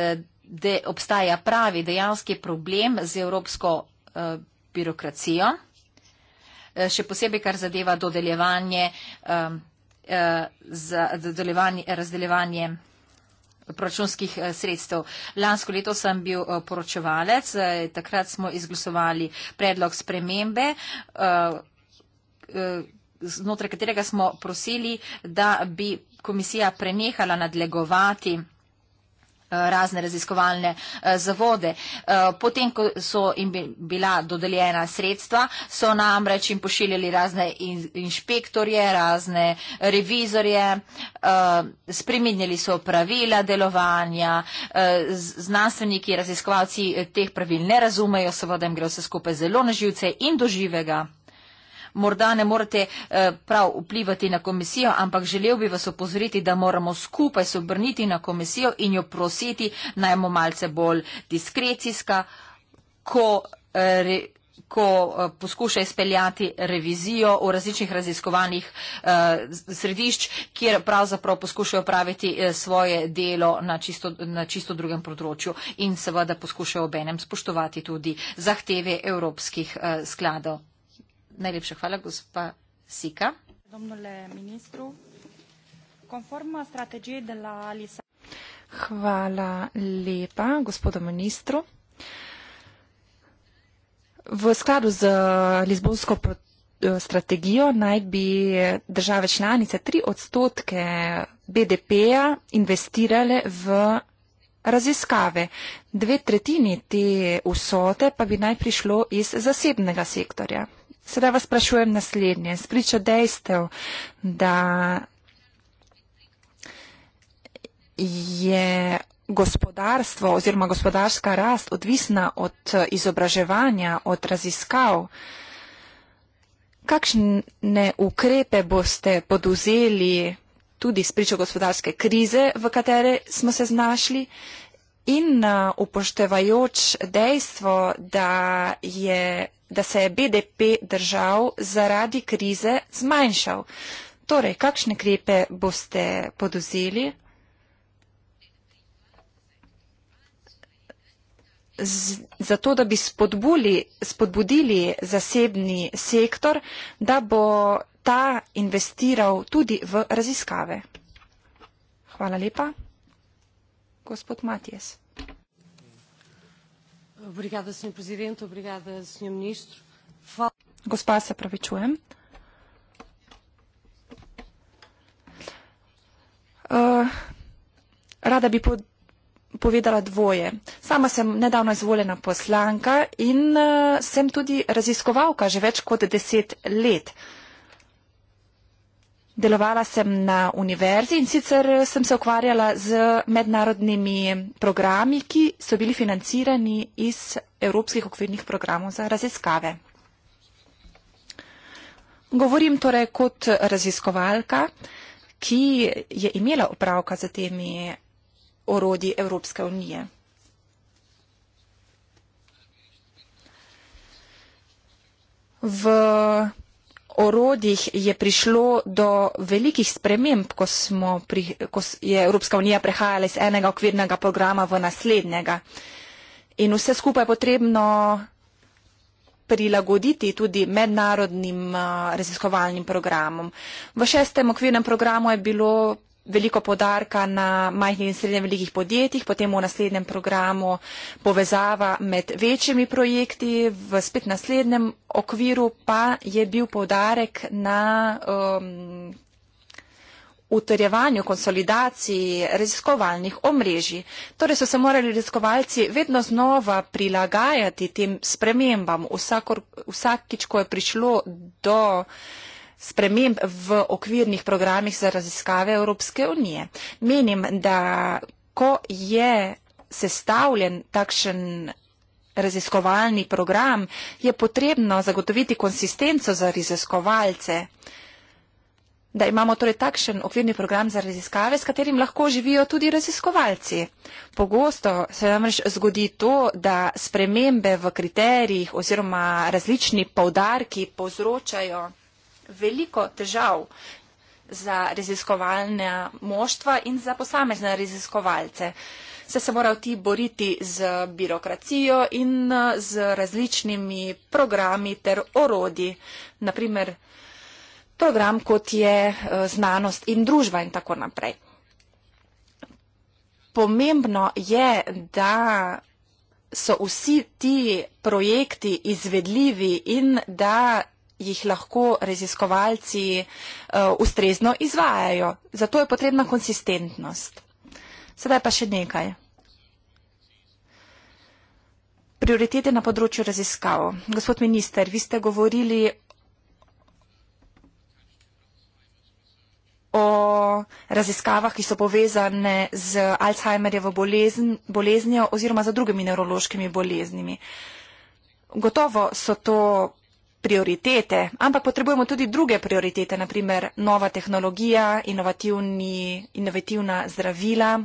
da obstaja pravi dejanski problem z evropsko uh, birokracijo, še posebej kar zadeva dodeljevanje. Uh, za razdeljevanje proračunskih eh, sredstev. Lansko leto sem bil eh, poročevalec, eh, takrat smo izglasovali predlog spremembe, znotraj katerega smo prosili, da bi komisija prenehala nadlegovati razne raziskovalne eh, zavode. Eh, potem, ko so jim bila dodeljena sredstva, so namreč jim pošiljali razne inšpektorje, razne revizorje, eh, spreminjali so pravila delovanja, znanstveniki, raziskovalci teh pravil ne razumejo, seveda jim gre vse skupaj zelo na živce in doživega morda ne morete eh, prav vplivati na komisijo, ampak želel bi vas opozoriti, da moramo skupaj se obrniti na komisijo in jo prositi, naj bo malce bolj diskrecijska, ko, eh, ko eh, poskuša izpeljati revizijo v različnih raziskovanih središč, kjer pravzaprav poskušajo praviti svoje delo na čisto, na čisto drugem področju in seveda poskušajo obenem spoštovati tudi zahteve evropskih skladov. Najlepša hvala, gospa Sika. Hvala lepa, gospodu ministru. V skladu z Lizbonsko strategijo naj bi države članice tri odstotke BDP-ja investirale v raziskave. Dve tretjini te vsote pa bi naj prišlo iz zasebnega sektorja. Sedaj vas sprašujem naslednje. Spričo dejstev, da je gospodarstvo oziroma gospodarska rast odvisna od eh, izobraževanja, od raziskav, kakšne ukrepe boste poduzeli tudi spričo gospodarske krize, v kateri smo se znašli In uh, upoštevajoč dejstvo, da, je, da se je BDP držav zaradi krize zmanjšal. Torej, kakšne krepe boste poduzeli? Zato, da bi spodbuli, spodbudili zasebni sektor, da bo ta investiral tudi v raziskave. Hvala lepa gospod Matjes. Obrigada, senjor prezident, obrigada, senjor ministr. Gospa, se pravi, čujem. Eh, rada bi povedala dvoje. Sama sem nedavno izvoljena poslanka in eh, sem tudi raziskovalka že več kot deset let. Vsega. Delovala sem na univerzi in sicer sem se ukvarjala z mednarodnimi programi, ki so bili financirani iz evropskih okvirnih programov za raziskave. Govorim torej kot raziskovalka, ki je imela upravka za temi orodji Evropske unije. V orodjih je prišlo do velikih sprememb, ko, pri, ko je Evropska unija prehajala iz enega okvirnega programa v naslednjega. In vse skupaj je potrebno prilagoditi tudi mednarodnim raziskovalnim programom. V šestem okvirnem programu je bilo veliko podarka na majhnih in srednje velikih podjetjih, potem v naslednjem programu povezava med večjimi projekti, v spet naslednjem okviru pa je bil podarek na um, utrjevanju, konsolidaciji raziskovalnih omrežij. Torej so se morali raziskovalci vedno znova prilagajati tem spremembam, vsakor, vsakič, ko je prišlo do uh, sprememb v okvirnih programih za raziskave Evropske unije. Menim, da ko je sestavljen takšen raziskovalni program, je potrebno zagotoviti konsistenco za raziskovalce, da imamo torej takšen okvirni program za raziskave, s katerim lahko živijo tudi raziskovalci. Pogosto se namreč zgodi to, da spremembe v kriterijih oziroma različni povdarki povzročajo veliko težav za raziskovalna moštva in za posamezne raziskovalce. Se se morajo ti boriti z birokracijo in eh, z različnimi programi ter orodi, naprimer program kot je eh, znanost in družba in tako naprej. Pomembno je, da so vsi ti projekti izvedljivi in da jih lahko raziskovalci uh, ustrezno izvajajo. Zato je potrebna konsistentnost. Sedaj pa še nekaj. Prioritete na področju raziskav. Gospod minister, vi ste govorili o raziskavah, ki so povezane z Alzheimerjevo bolezn, boleznjo oziroma z drugimi nevrološkimi boleznimi. Gotovo so to prioritete, ampak potrebujemo tudi druge prioritete, naprimer nova tehnologija, inovativna zdravila.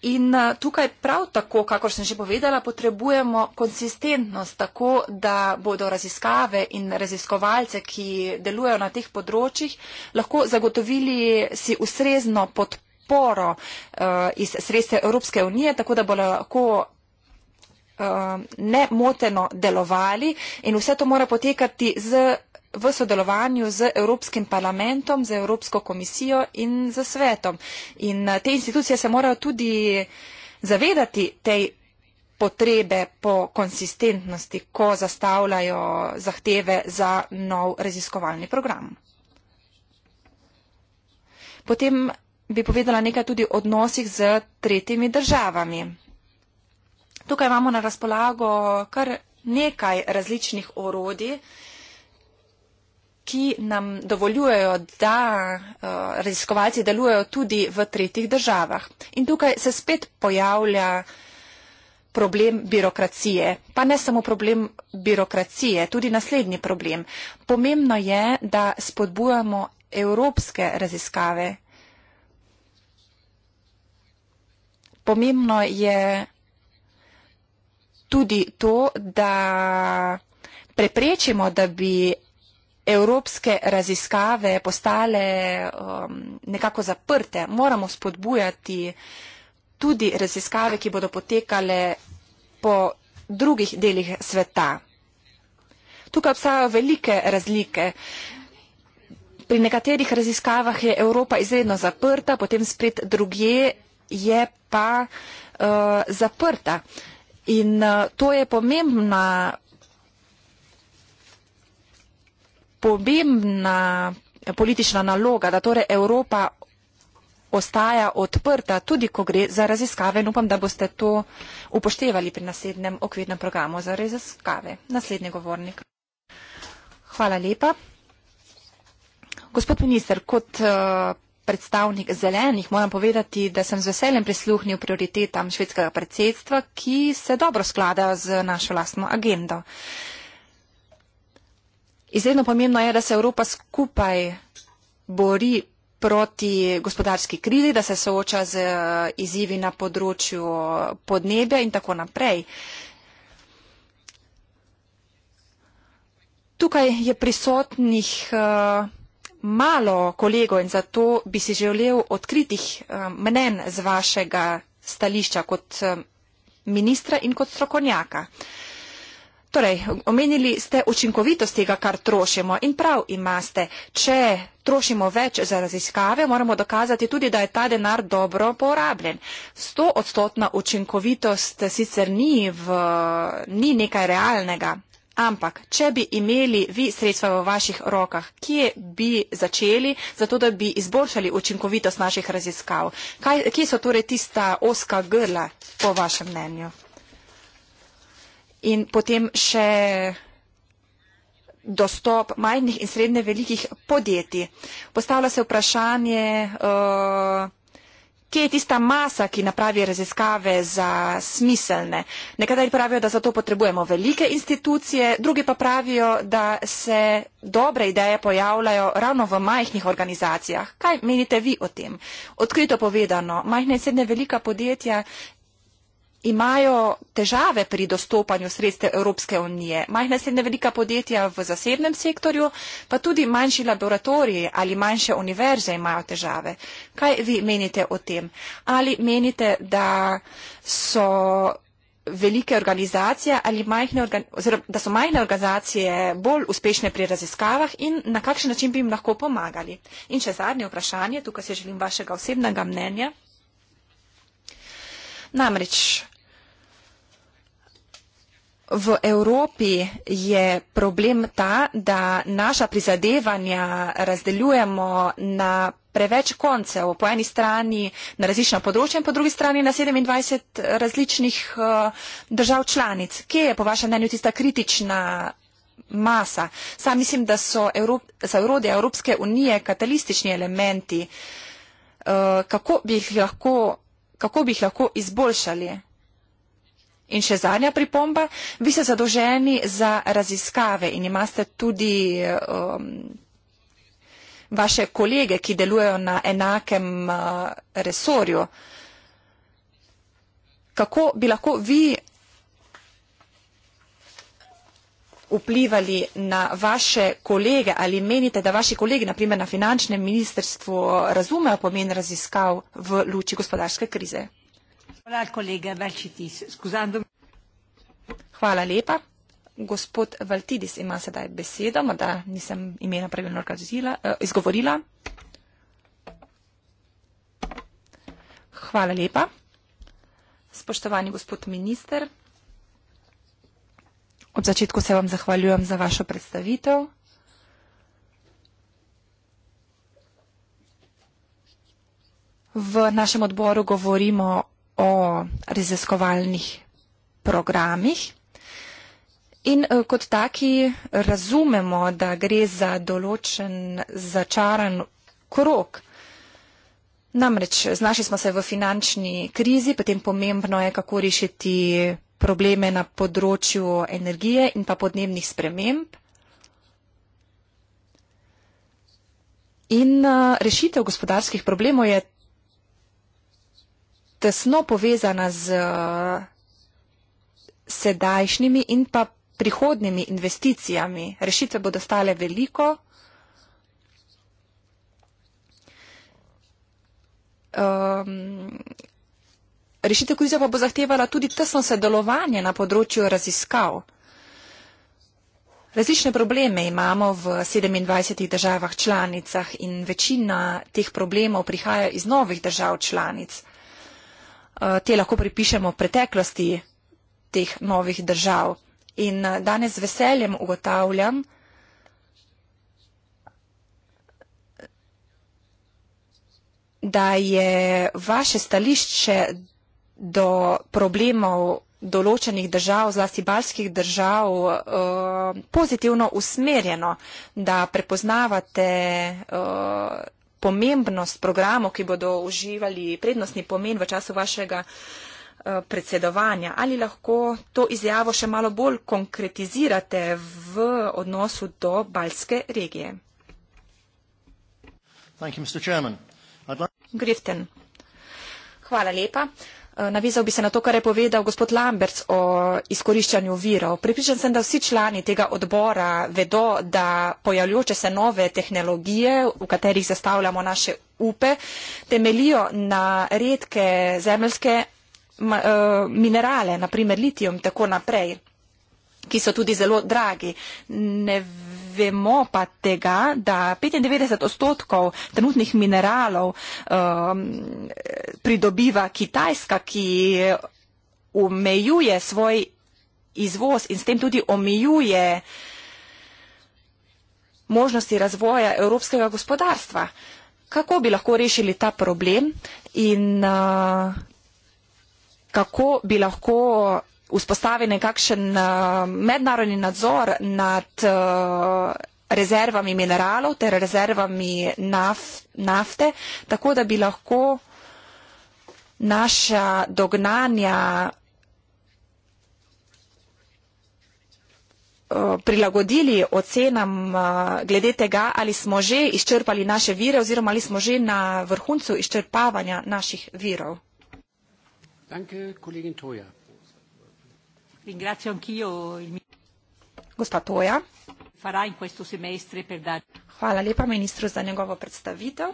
In eh, tukaj prav tako, kakor sem že povedala, potrebujemo konsistentnost tako, da bodo raziskave in raziskovalce, ki delujejo na teh področjih, lahko zagotovili si ustrezno podporo eh, iz sredstva Evropske unije, tako da bo lahko Um, nemoteno delovali in vse to mora potekati z, v sodelovanju z Evropskim parlamentom, z Evropsko komisijo in z svetom. In uh, te institucije se morajo tudi zavedati tej potrebe po konsistentnosti, ko zastavljajo zahteve za nov raziskovalni program. Potem bi povedala nekaj tudi o odnosih z tretjimi državami. Tukaj imamo na razpolago kar nekaj različnih orodij, ki nam dovoljujejo, da uh, raziskovalci delujejo tudi v tretjih državah. In tukaj se spet pojavlja problem birokracije. Pa ne samo problem birokracije, tudi naslednji problem. Pomembno je, da spodbujamo evropske raziskave. Pomembno je tudi to, da preprečimo, da bi evropske raziskave postale um, nekako zaprte. Moramo spodbujati tudi raziskave, ki bodo potekale po drugih delih sveta. Tukaj obstajajo velike razlike. Pri nekaterih raziskavah je Evropa izredno zaprta, potem spet drugje je pa uh, zaprta. Uh, In uh, to je pomembna, pomembna eh, politična naloga, da torej Evropa ostaja odprta, tudi ko gre za raziskave in upam, da boste to upoštevali pri naslednjem okvirnem programu za raziskave. Naslednji govornik. Hvala lepa. Gospod minister, kot uh, predstavnik zelenih, moram povedati, da sem z veseljem prisluhnil prioritetam švedskega predsedstva, ki se dobro skladajo z našo lastno agendo. Izredno pomembno je, da se Evropa skupaj bori proti gospodarski krizi, da se sooča z eh, izzivi na področju podnebja in tako naprej. Tukaj je prisotnih uh, malo kolego in zato bi si želel odkritih eh, mnen z vašega stališča kot eh, ministra in kot strokovnjaka. Torej, omenili ste učinkovitost tega, kar trošimo in prav imate. Če trošimo več za raziskave, moramo dokazati tudi, da je ta denar dobro porabljen. 100-odstotna učinkovitost sicer ni, v, ni nekaj realnega, Ampak, če bi imeli vi sredstva v vaših rokah, kje bi začeli, zato da bi izboljšali učinkovitost naših raziskav? Kaj, kje so torej tista oska grla, po vašem mnenju? In potem še dostop majhnih in srednje velikih podjetij. Postavlja se vprašanje. Uh, kje je tista masa, ki napravi raziskave za smiselne. Nekateri pravijo, da za to potrebujemo velike institucije, drugi pa pravijo, da se dobre ideje pojavljajo ravno v majhnih organizacijah. Kaj menite vi o tem? Odkrito povedano, majhne in srednje velika podjetja imajo težave pri dostopanju sredstev Evropske unije. Majhna srednja velika podjetja v zasebnem sektorju, pa tudi manjši laboratoriji ali manjše univerze imajo težave. Kaj vi menite o tem? Ali menite, da so velike organizacije ali majhne, oziroma, da so majhne organizacije bolj uspešne pri raziskavah in na kakšen način bi jim lahko pomagali. In še zadnje vprašanje, tukaj se želim vašega osebnega mnenja. Namreč v Evropi je problem ta, da naša prizadevanja razdeljujemo na preveč koncev, po eni strani na različna področja in po drugi strani na 27 različnih eh, držav članic. Kje je po vašem mnenju tista kritična masa? Sam mislim, da so za urode Evropske unije katalistični elementi. Eh, kako bi jih lahko kako bi jih lahko izboljšali. In še zadnja pripomba, vi ste zadolženi za raziskave in imate tudi um, vaše kolege, ki delujejo na enakem uh, resorju. Kako bi lahko vi vplivali na vaše kolege ali menite, da vaši kolegi, naprimer na finančnem ministrstvu, razumejo pomen raziskav v luči gospodarske krize? Hvala lepa. Gospod Valtidis ima sedaj besedo, morda nisem imena pravilno razila, eh, izgovorila. Hvala lepa. Spoštovani gospod minister, Ob začetku se vam zahvaljujem za vašo predstavitev. V našem odboru govorimo o raziskovalnih programih in eh, kot taki razumemo, da gre za določen začaran krok. Namreč, znašli smo se v finančni krizi, potem pomembno je, kako rešiti krizi, probleme na področju energije in pa podnebnih sprememb. In eh, rešitev gospodarskih problemov je tesno povezana z eh, sedajšnjimi in pa prihodnimi investicijami. Rešitve bodo stale veliko. Um, rešitev krize pa bo zahtevala tudi tesno sodelovanje na področju raziskav. Različne probleme imamo v 27 državah članicah in večina teh problemov prihaja iz novih držav članic. Eh, te lahko pripišemo preteklosti teh novih držav. In eh, danes z veseljem ugotavljam, da je vaše stališče do problemov določenih držav, zlasti balskih držav, eh, pozitivno usmerjeno, da prepoznavate eh, pomembnost programov, ki bodo uživali prednostni pomen v času vašega eh, predsedovanja. Ali lahko to izjavo še malo bolj konkretizirate v odnosu do balske regije? Griften. Hvala lepa. Uh, Eh, Navizal bi se na to, kar je povedal gospod Lamberts o izkoriščanju virov. Pripričan sem, da vsi člani tega odbora vedo, da pojavljajoče se nove tehnologije, v katerih zastavljamo naše upe, temelijo na redke zemljske eh, minerale, naprimer litijum in tako naprej, ki so tudi zelo dragi. Ne vemo pa tega, da 95 odstotkov trenutnih mineralov um, pridobiva Kitajska, ki omejuje svoj izvoz in s tem tudi omejuje možnosti razvoja evropskega gospodarstva. Kako bi lahko rešili ta problem in uh, kako bi lahko vzpostavi nekakšen eh, mednarodni nadzor nad eh, rezervami mineralov ter rezervami naf, nafte, tako da bi lahko naša dognanja eh, prilagodili ocenam glede tega, ali smo že izčrpali naše vire oziroma ali smo že na vrhuncu izčrpavanja naših virov. Danke, kolegin Toja ringrazio anch'io il gospatoja farà in questo semestre per dare hvala lepa ministru za njegovo predstavitev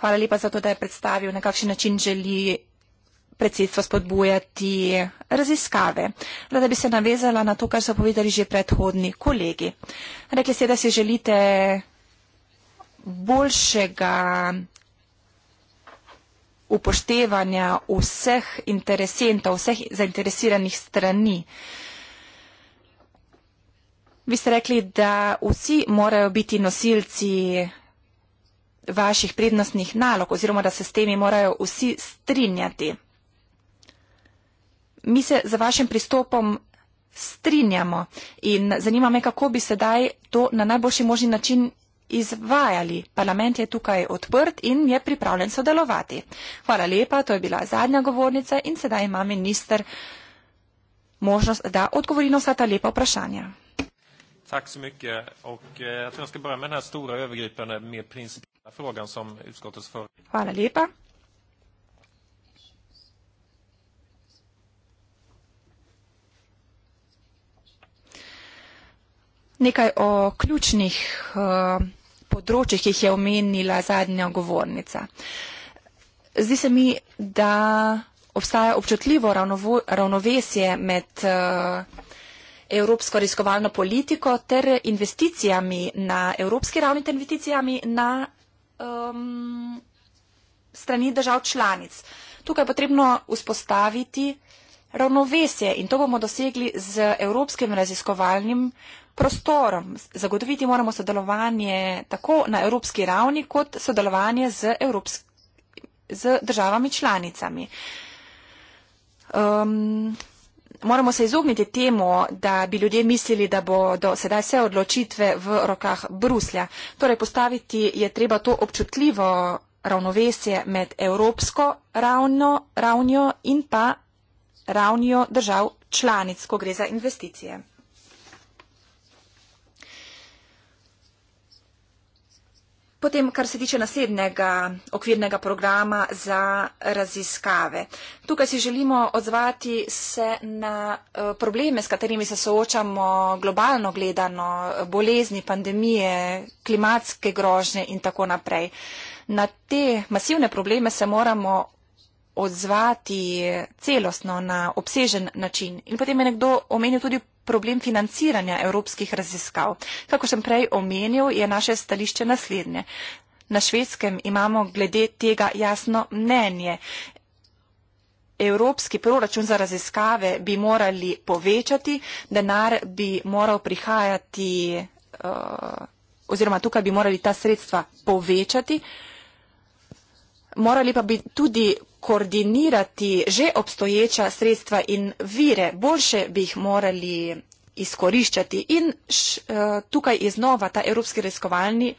hvala lepa za to da je predstavil na kakšen način želi predsedstvo spodbujati raziskave. Rada bi se navezala na to, kar so povedali že predhodni kolegi. Rekli ste, da si želite boljšega upoštevanja vseh interesentov, vseh zainteresiranih strani. Vi ste rekli, da vsi morajo biti nosilci vaših prednostnih nalog oziroma da se s temi morajo vsi strinjati. Mi se za vašim pristopom strinjamo in zanima me, kako bi sedaj to na najboljši možni način izvajali. Parlament je tukaj odprt in je pripravljen sodelovati. Hvala lepa, to je bila zadnja govornica in sedaj ima minister možnost, da odgovori na vsa ta lepa vprašanja. Tack så mycket. Och, eh, jag tror jag ska börja med den här stora övergripande, mer principiella frågan som utskottets förre... Nekaj o ključnih uh področjih, ki jih je omenila zadnja govornica. Zdi se mi, da obstaja občutljivo ravnovesje med eh, evropsko raziskovalno politiko ter investicijami na evropski ravni ter investicijami na um, strani držav članic. Tukaj je potrebno vzpostaviti ravnovesje in to bomo dosegli z evropskim raziskovalnim prostorom. Zagotoviti moramo sodelovanje tako na evropski ravni, kot sodelovanje z, evropsk... z državami članicami. Um, moramo se izogniti temu, da bi ljudje mislili, da bo do sedaj vse odločitve v rokah Bruslja. Torej, postaviti je treba to občutljivo ravnovesje med evropsko ravno, ravnjo in pa ravnjo držav članic, ko gre za investicije. Potem, kar se tiče naslednjega okvirnega programa za raziskave. Tukaj si želimo odzvati se na eh, probleme, s katerimi se soočamo globalno gledano, bolezni, pandemije, klimatske grožnje in tako naprej. Na te masivne probleme se moramo odzvati celostno na obsežen način. In potem je nekdo omenil tudi problem financiranja evropskih raziskav. Kako sem prej omenil, je naše stališče naslednje. Na švedskem imamo glede tega jasno mnenje. Evropski proračun za raziskave bi morali povečati, denar bi moral prihajati, eh, oziroma tukaj bi morali ta sredstva povečati morali pa bi tudi koordinirati že obstoječa sredstva in vire, boljše bi jih morali izkoriščati. In š, eh, tukaj je znova ta evropski reskovalni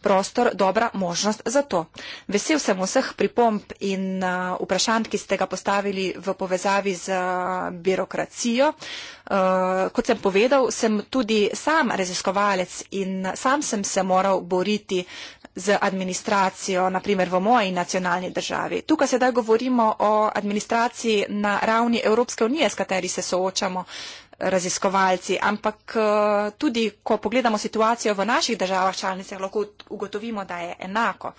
prostor dobra možnost za to. Vesel sem vseh pripomp in eh, vprašanj, ki ste ga postavili v povezavi z eh, birokracijo. Kot sem povedal, sem tudi sam raziskovalec in sam sem se moral boriti z administracijo, naprimer v moji nacionalni državi. Tukaj sedaj govorimo o administraciji na ravni Evropske unije, s kateri se soočamo raziskovalci, ampak eh, tudi, ko pogledamo situacijo v naših državah članicah, lahko ugotovimo, da je enako.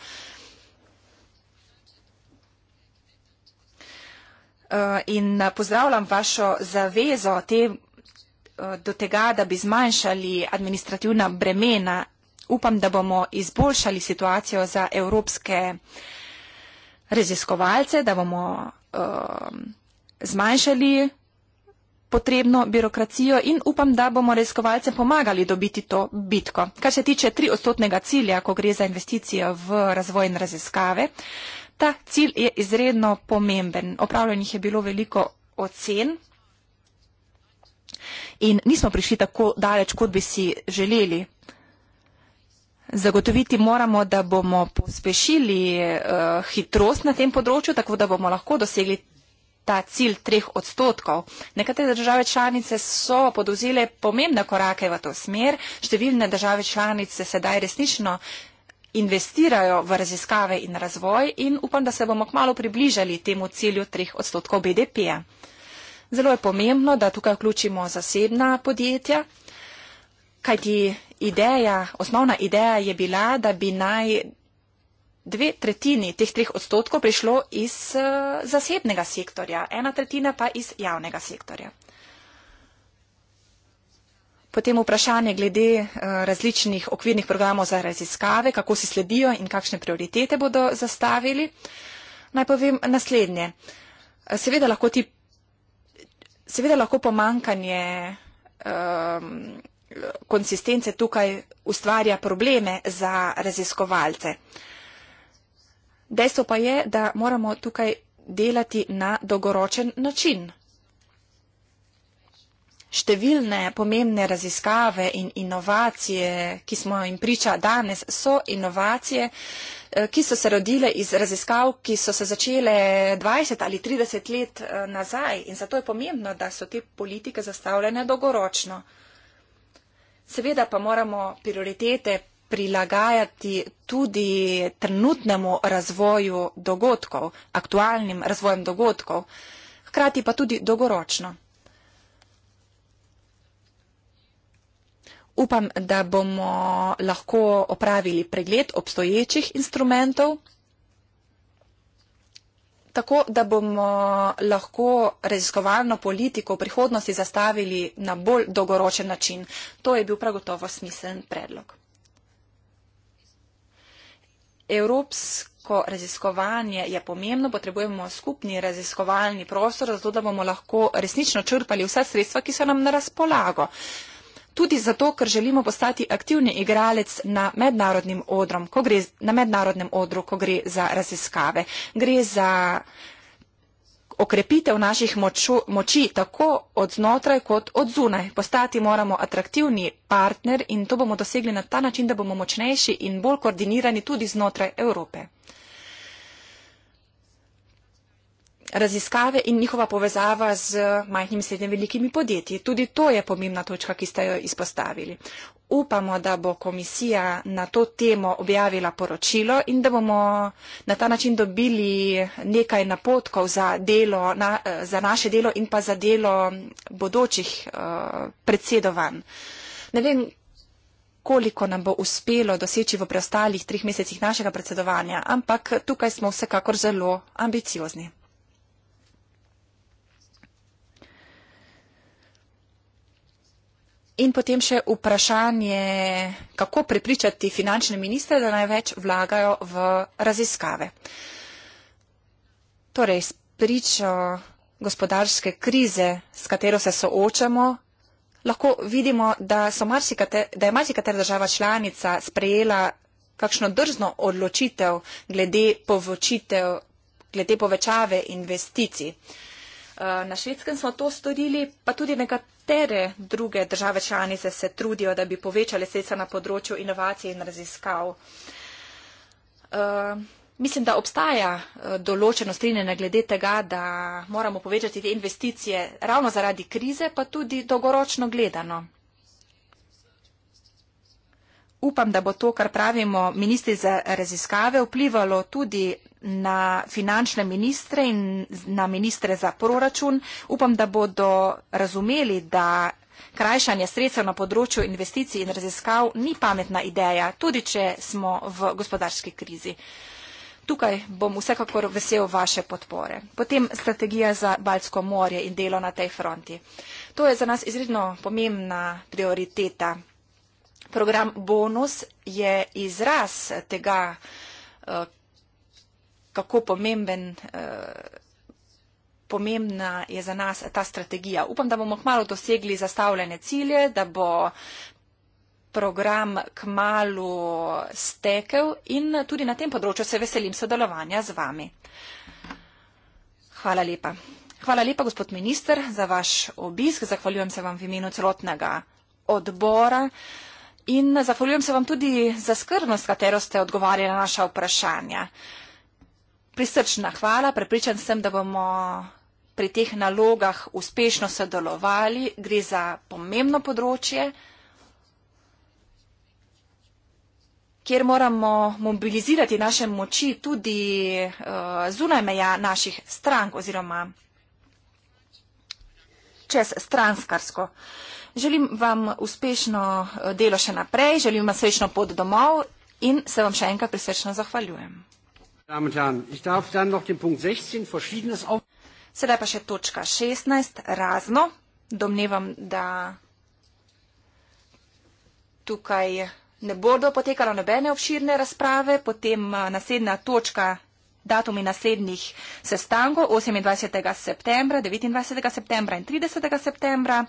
Eh, in eh, pozdravljam vašo zavezo te, do tega, da bi zmanjšali administrativna bremena upam, da bomo izboljšali situacijo za evropske raziskovalce, da bomo uh, zmanjšali potrebno birokracijo in upam, da bomo raziskovalcem pomagali dobiti to bitko. Kar se tiče tri odstotnega cilja, ko gre za investicije v razvoj in raziskave, ta cilj je izredno pomemben. Opravljenih je bilo veliko ocen in nismo prišli tako daleč, kot bi si želeli. Zagotoviti moramo, da bomo pospešili uh, hitrost na tem področju, tako da bomo lahko dosegli ta cilj treh odstotkov. Nekatere države članice so poduzile pomembne korake v to smer, številne države članice sedaj resnično investirajo v raziskave in razvoj in upam, da se bomo kmalo približali temu cilju treh odstotkov BDP-ja. Zelo je pomembno, da tukaj vključimo zasebna podjetja. Kajti ideja, osnovna ideja je bila, da bi naj dve tretjini teh treh odstotkov prišlo iz eh, zasebnega sektorja, ena tretjina pa iz javnega sektorja. Potem vprašanje glede eh, različnih okvirnih programov za raziskave, kako si sledijo in kakšne prioritete bodo zastavili. Naj povem naslednje. Eh, seveda lahko, ti, seveda lahko pomankanje um, konsistence tukaj ustvarja probleme za raziskovalce. Dejstvo pa je, da moramo tukaj delati na dolgoročen način. Številne pomembne raziskave in inovacije, ki smo jim priča danes, so inovacije, eh, ki so se rodile iz raziskav, ki so se začele 20 ali 30 let eh, nazaj. In zato je pomembno, da so te politike zastavljene dolgoročno. Seveda pa moramo prioritete prilagajati tudi trenutnemu razvoju dogodkov, aktualnim razvojem dogodkov, hkrati pa tudi dolgoročno. Upam, da bomo lahko opravili pregled obstoječih instrumentov tako da bomo lahko raziskovalno politiko v prihodnosti zastavili na bolj dolgoročen način. To je bil pragotovo smiseln predlog. Evropsko raziskovanje je pomembno, potrebujemo skupni raziskovalni prostor, zato da bomo lahko resnično črpali vsa sredstva, ki so nam na razpolago tudi zato, ker želimo postati aktivni igralec na mednarodnem, odrom, gre, na mednarodnem odru, ko gre za raziskave. Gre za okrepitev naših moču, moči tako od znotraj kot od zunaj. Postati moramo atraktivni partner in to bomo dosegli na ta način, da bomo močnejši in bolj koordinirani tudi znotraj Evrope raziskave in njihova povezava z majhnimi in srednjimi velikimi podjetji. Tudi to je pomembna točka, ki ste jo izpostavili. Upamo, da bo komisija na to temo objavila poročilo in da bomo na ta način dobili nekaj napotkov za, delo, na, za naše delo in pa za delo bodočih uh, predsedovanj. Ne vem, koliko nam bo uspelo doseči v preostalih treh mesecih našega predsedovanja, ampak tukaj smo vsekakor zelo ambiciozni. In potem še vprašanje, kako prepričati finančne ministre, da največ vlagajo v raziskave. Torej, spričo gospodarske krize, s katero se soočamo, lahko vidimo, da, da je marsikatera država članica sprejela kakšno drzno odločitev glede, povočitev, glede povečave investicij. Eh, na švedskem smo to storili, pa tudi nekatere druge države članice se trudijo, da bi povečali sredstva na področju inovacij in raziskav. Eh, mislim, da obstaja eh, določeno strinjenje glede tega, da moramo povečati te investicije ravno zaradi krize, pa tudi dolgoročno gledano. Upam, da bo to, kar pravimo ministri za raziskave, vplivalo tudi na finančne ministre in na ministre za proračun. Upam, da bodo razumeli, da krajšanje sredstev na področju investicij in raziskav ni pametna ideja, tudi če smo v gospodarski krizi. Tukaj bom vsekakor vesel vaše podpore. Potem strategija za Baltsko morje in delo na tej fronti. To je za nas izredno pomembna prioriteta. Program bonus je izraz tega, eh, kako pomemben, eh, pomembna je za nas ta strategija. Upam, da bomo kmalo dosegli zastavljene cilje, da bo program kmalo stekel in tudi na tem področju se veselim sodelovanja z vami. Hvala lepa. Hvala lepa, gospod minister, za vaš obisk. Zahvaljujem se vam v imenu celotnega odbora in zahvaljujem se vam tudi za skrbnost, katero ste odgovarjali na naša vprašanja prisrčna hvala. Prepričan sem, da bomo pri teh nalogah uspešno sodelovali. Gre za pomembno področje, kjer moramo mobilizirati naše moči tudi eh, zunaj meja naših strank oziroma čez stranskarsko. Želim vam uspešno eh, delo še naprej, želim vam srečno pot domov in se vam še enkrat prisrčno zahvaljujem. Dame und Herren, ich darf dann noch den Punkt 16 verschiedenes auf. Sedaj pa še točka 16, razno. Domnevam, da tukaj ne bodo potekalo nobene obširne razprave, potem eh, naslednja točka, datumi naslednjih sestankov 28. septembra, 29. septembra in 30. septembra.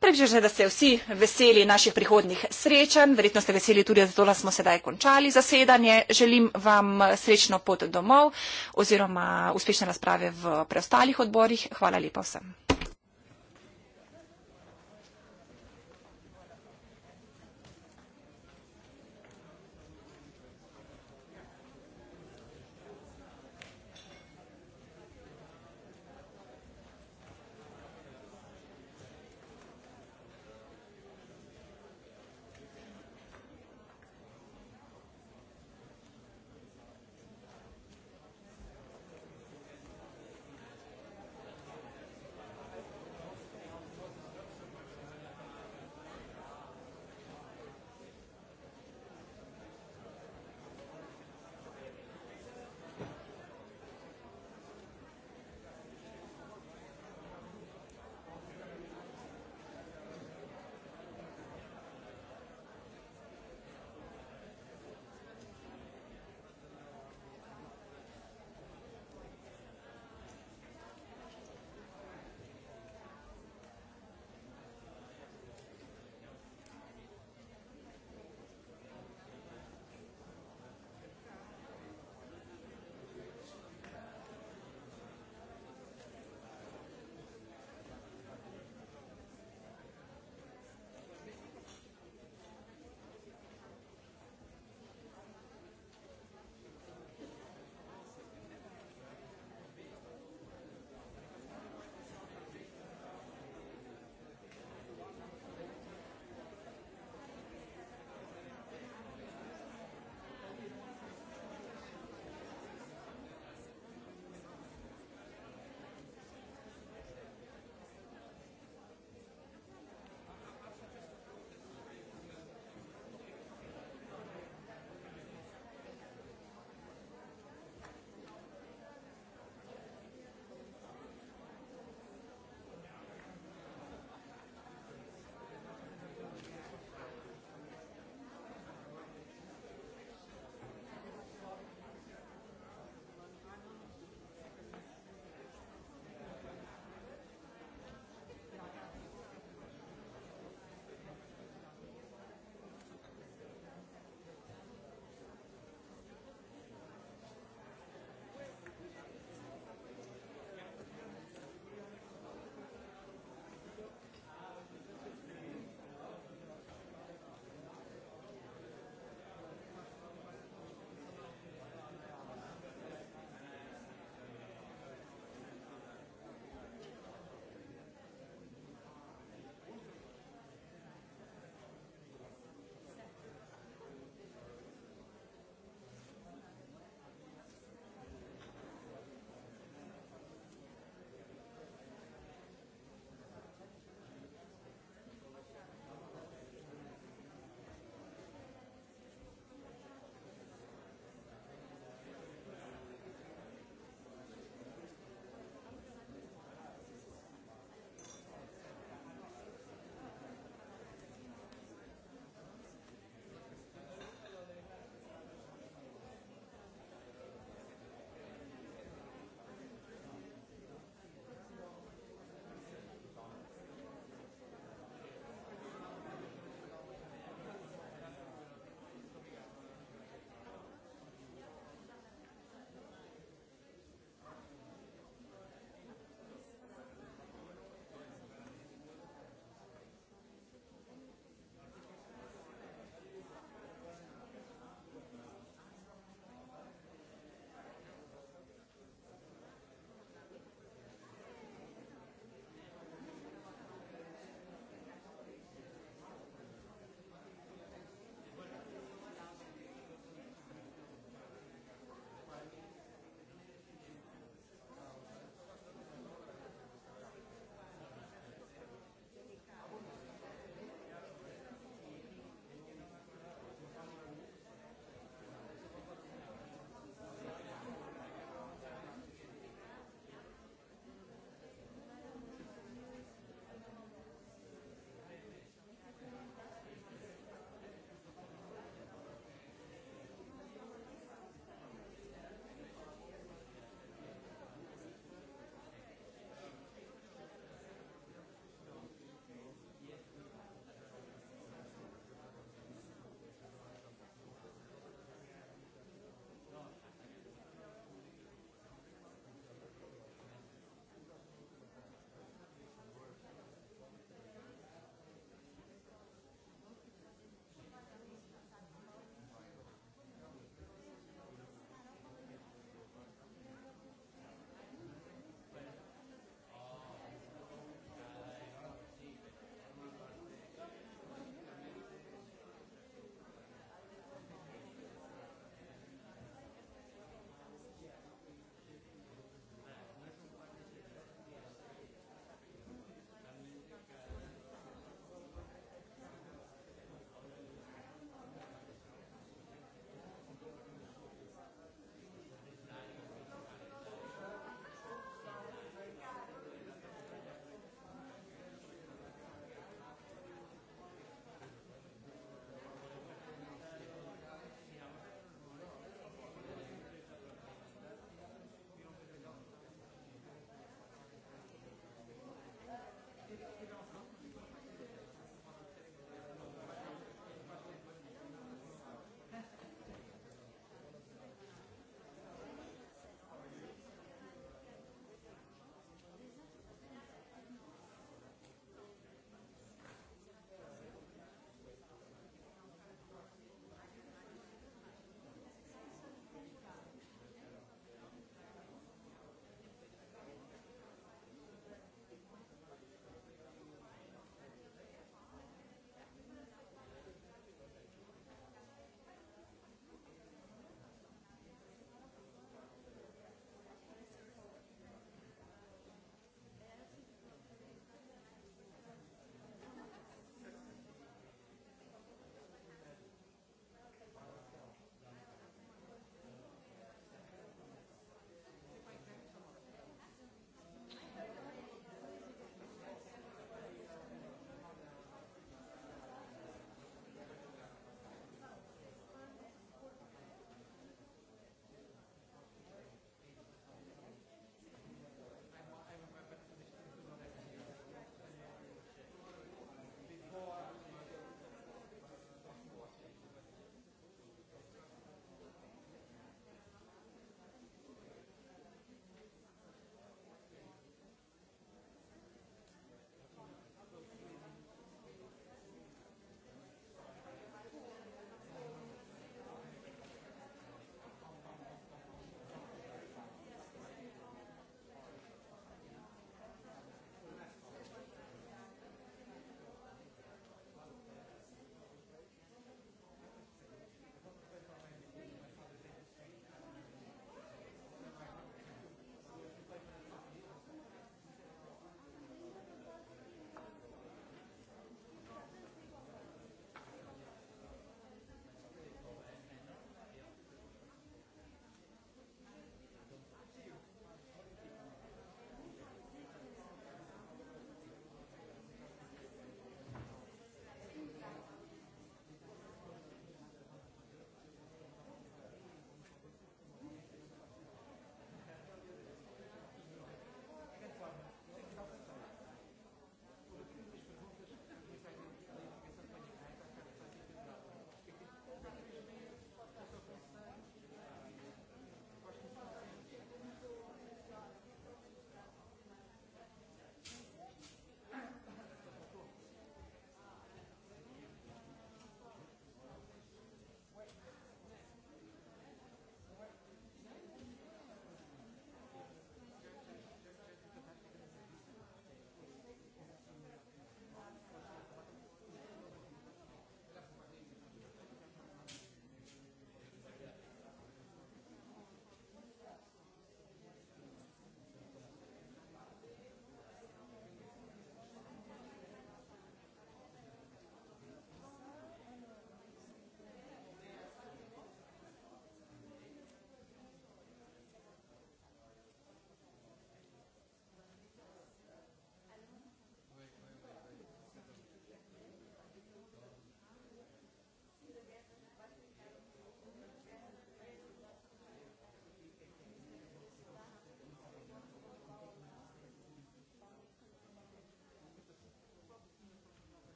Prepričana sem, da ste vsi veseli naših prihodnih srečanj, verjetno ste veseli tudi zato, da smo sedaj končali zasedanje. Želim vam eh, srečno pot domov oziroma uspešne razprave v preostalih odborih. Hvala lepa vsem.